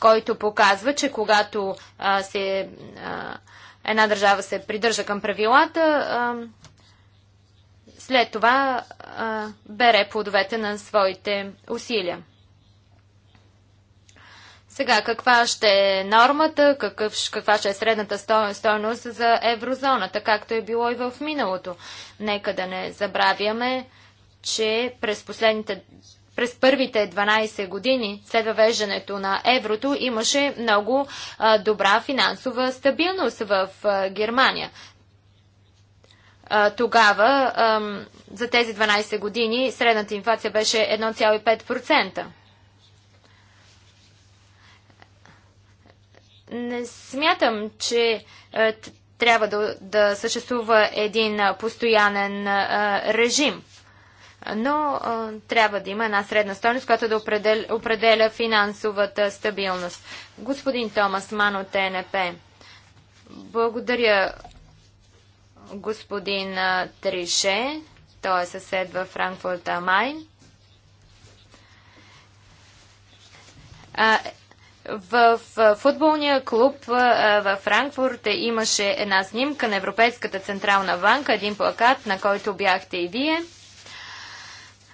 който показва, че когато се, една държава се придържа към правилата, след това а, бере плодовете на своите усилия. Сега, каква ще е нормата, какъв, каква ще е средната стоеност за еврозоната, както е било и в миналото. Нека да не забравяме, че през последните през първите 12 години след въвеждането на еврото имаше много а, добра финансова стабилност в а, Германия тогава за тези 12 години средната инфлация беше 1,5%. Не смятам, че е, трябва да, да съществува един постоянен режим, но трябва да има една средна стойност, която да определя, определя финансовата стабилност. Господин Томас Ман от ТНП. Благодаря, господин Трише, той е съсед във Франкфурт Амайн. В футболния клуб в Франкфурт имаше една снимка на Европейската централна банка, един плакат, на който бяхте и вие.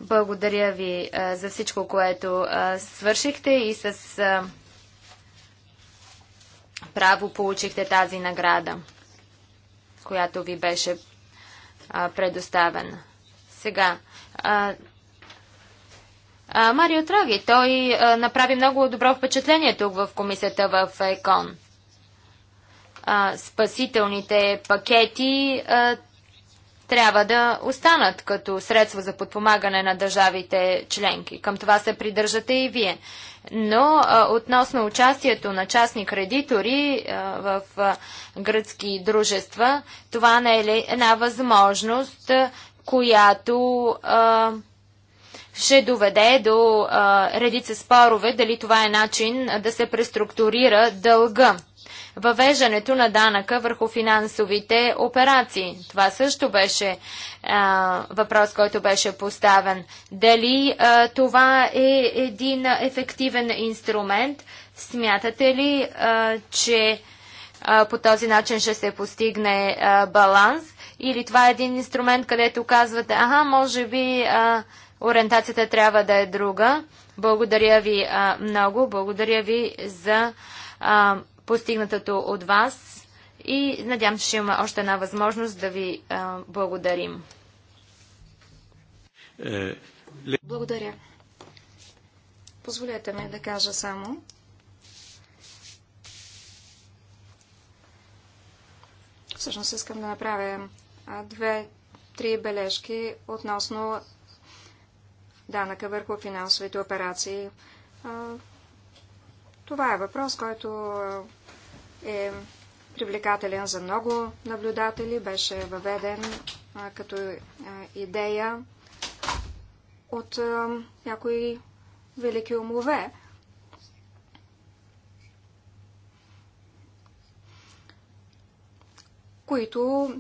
Благодаря ви за всичко, което свършихте и с право получихте тази награда която ви беше а, предоставена. Сега, а, а, Марио Траги, той а, направи много добро впечатление тук в комисията в ЕКОН. А, спасителните пакети а, трябва да останат като средство за подпомагане на държавите членки. Към това се придържате и вие но а, относно участието на частни кредитори а, в а, гръцки дружества, това не е ли една възможност, която ще доведе до редица спорове, дали това е начин да се преструктурира дълга въвеждането на данъка върху финансовите операции. Това също беше а, въпрос, който беше поставен. Дали а, това е един ефективен инструмент? Смятате ли, а, че а, по този начин ще се постигне а, баланс? Или това е един инструмент, където казвате, аха, може би а, ориентацията трябва да е друга. Благодаря ви а, много, благодаря ви за а, постигнатото от вас и надявам, че ще има още една възможност да ви а, благодарим. Е, Благодаря. Позволете ми да кажа само, Всъщност искам да направя две-три бележки относно данъка върху финансовите операции. Това е въпрос, който е привлекателен за много наблюдатели, беше въведен а, като а, е, идея от а, е, някои велики умове. които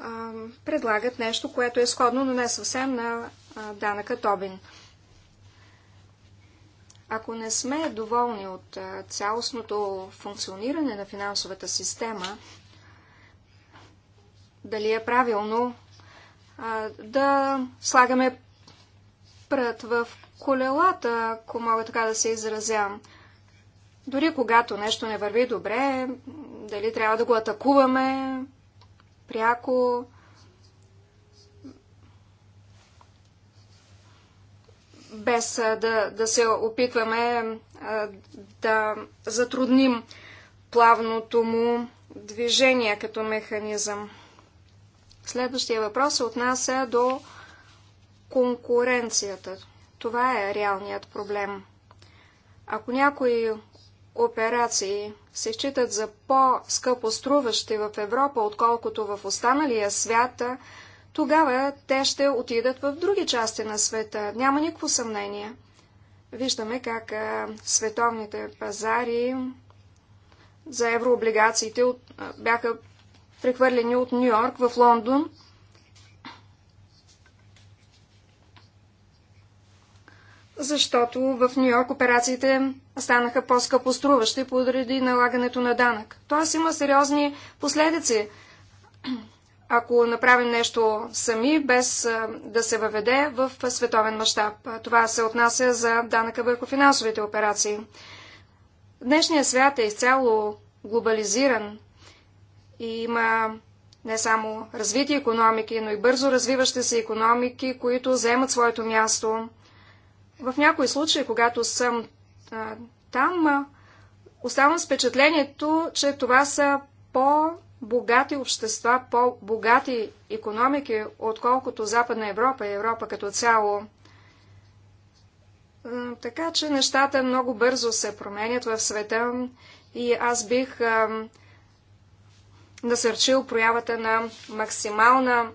а, предлагат нещо, което е сходно, но не е съвсем на а, данъка Тобин. Ако не сме доволни от цялостното функциониране на финансовата система, дали е правилно да слагаме прът в колелата, ако мога така да се изразям. Дори когато нещо не върви добре, дали трябва да го атакуваме пряко, без да, да се опитваме да затрудним плавното му движение като механизъм. Следващия въпрос се отнася до конкуренцията. Това е реалният проблем. Ако някои операции се считат за по-скъпо струващи в Европа, отколкото в останалия свят, тогава те ще отидат в други части на света. Няма никакво съмнение. Виждаме как а, световните пазари за еврооблигациите от, а, бяха прехвърлени от Нью Йорк в Лондон. Защото в Нью Йорк операциите станаха по-скъпо струващи поради налагането на данък. Тоест има сериозни последици ако направим нещо сами, без да се въведе в световен мащаб. Това се отнася за данъка върху финансовите операции. Днешният свят е изцяло глобализиран и има не само развити економики, но и бързо развиващи се економики, които вземат своето място. В някои случаи, когато съм а, там, оставам с впечатлението, че това са по- богати общества, по-богати економики, отколкото Западна Европа и Европа като цяло. Е, така че нещата много бързо се променят в света и аз бих е, насърчил проявата на максимална,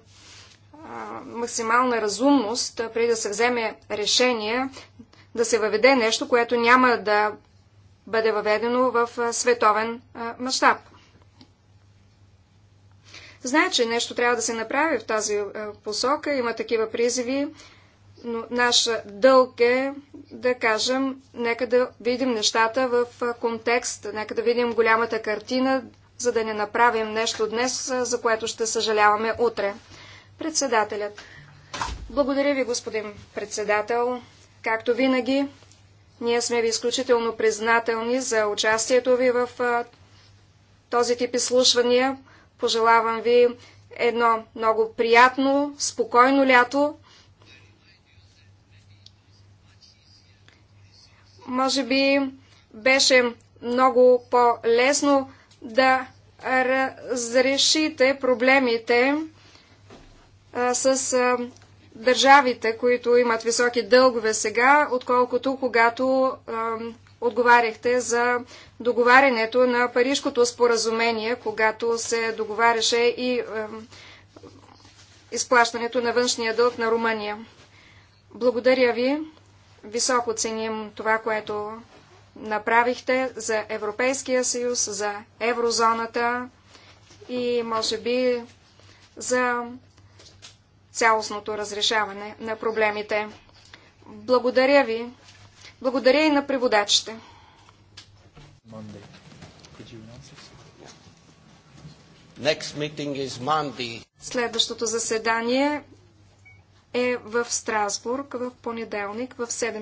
е, максимална разумност, преди да се вземе решение, да се въведе нещо, което няма да бъде въведено в световен мащаб. Знае, че нещо трябва да се направи в тази е, посока, има такива призиви, но наш дълг е да кажем, нека да видим нещата в е, контекст, нека да видим голямата картина, за да не направим нещо днес, е, за което ще съжаляваме утре. Председателят. Благодаря ви, господин председател. Както винаги, ние сме ви изключително признателни за участието ви в този тип изслушвания. Пожелавам ви едно много приятно, спокойно лято. Може би беше много по-лесно да разрешите проблемите с държавите, които имат високи дългове сега, отколкото когато отговаряхте за договарянето на Парижкото споразумение, когато се договаряше и е, изплащането на външния дълг на Румъния. Благодаря ви. Високо ценим това, което направихте за Европейския съюз, за еврозоната и може би за цялостното разрешаване на проблемите. Благодаря ви благодаря и на преводачите. Следващото заседание е в Страсбург в понеделник в 7.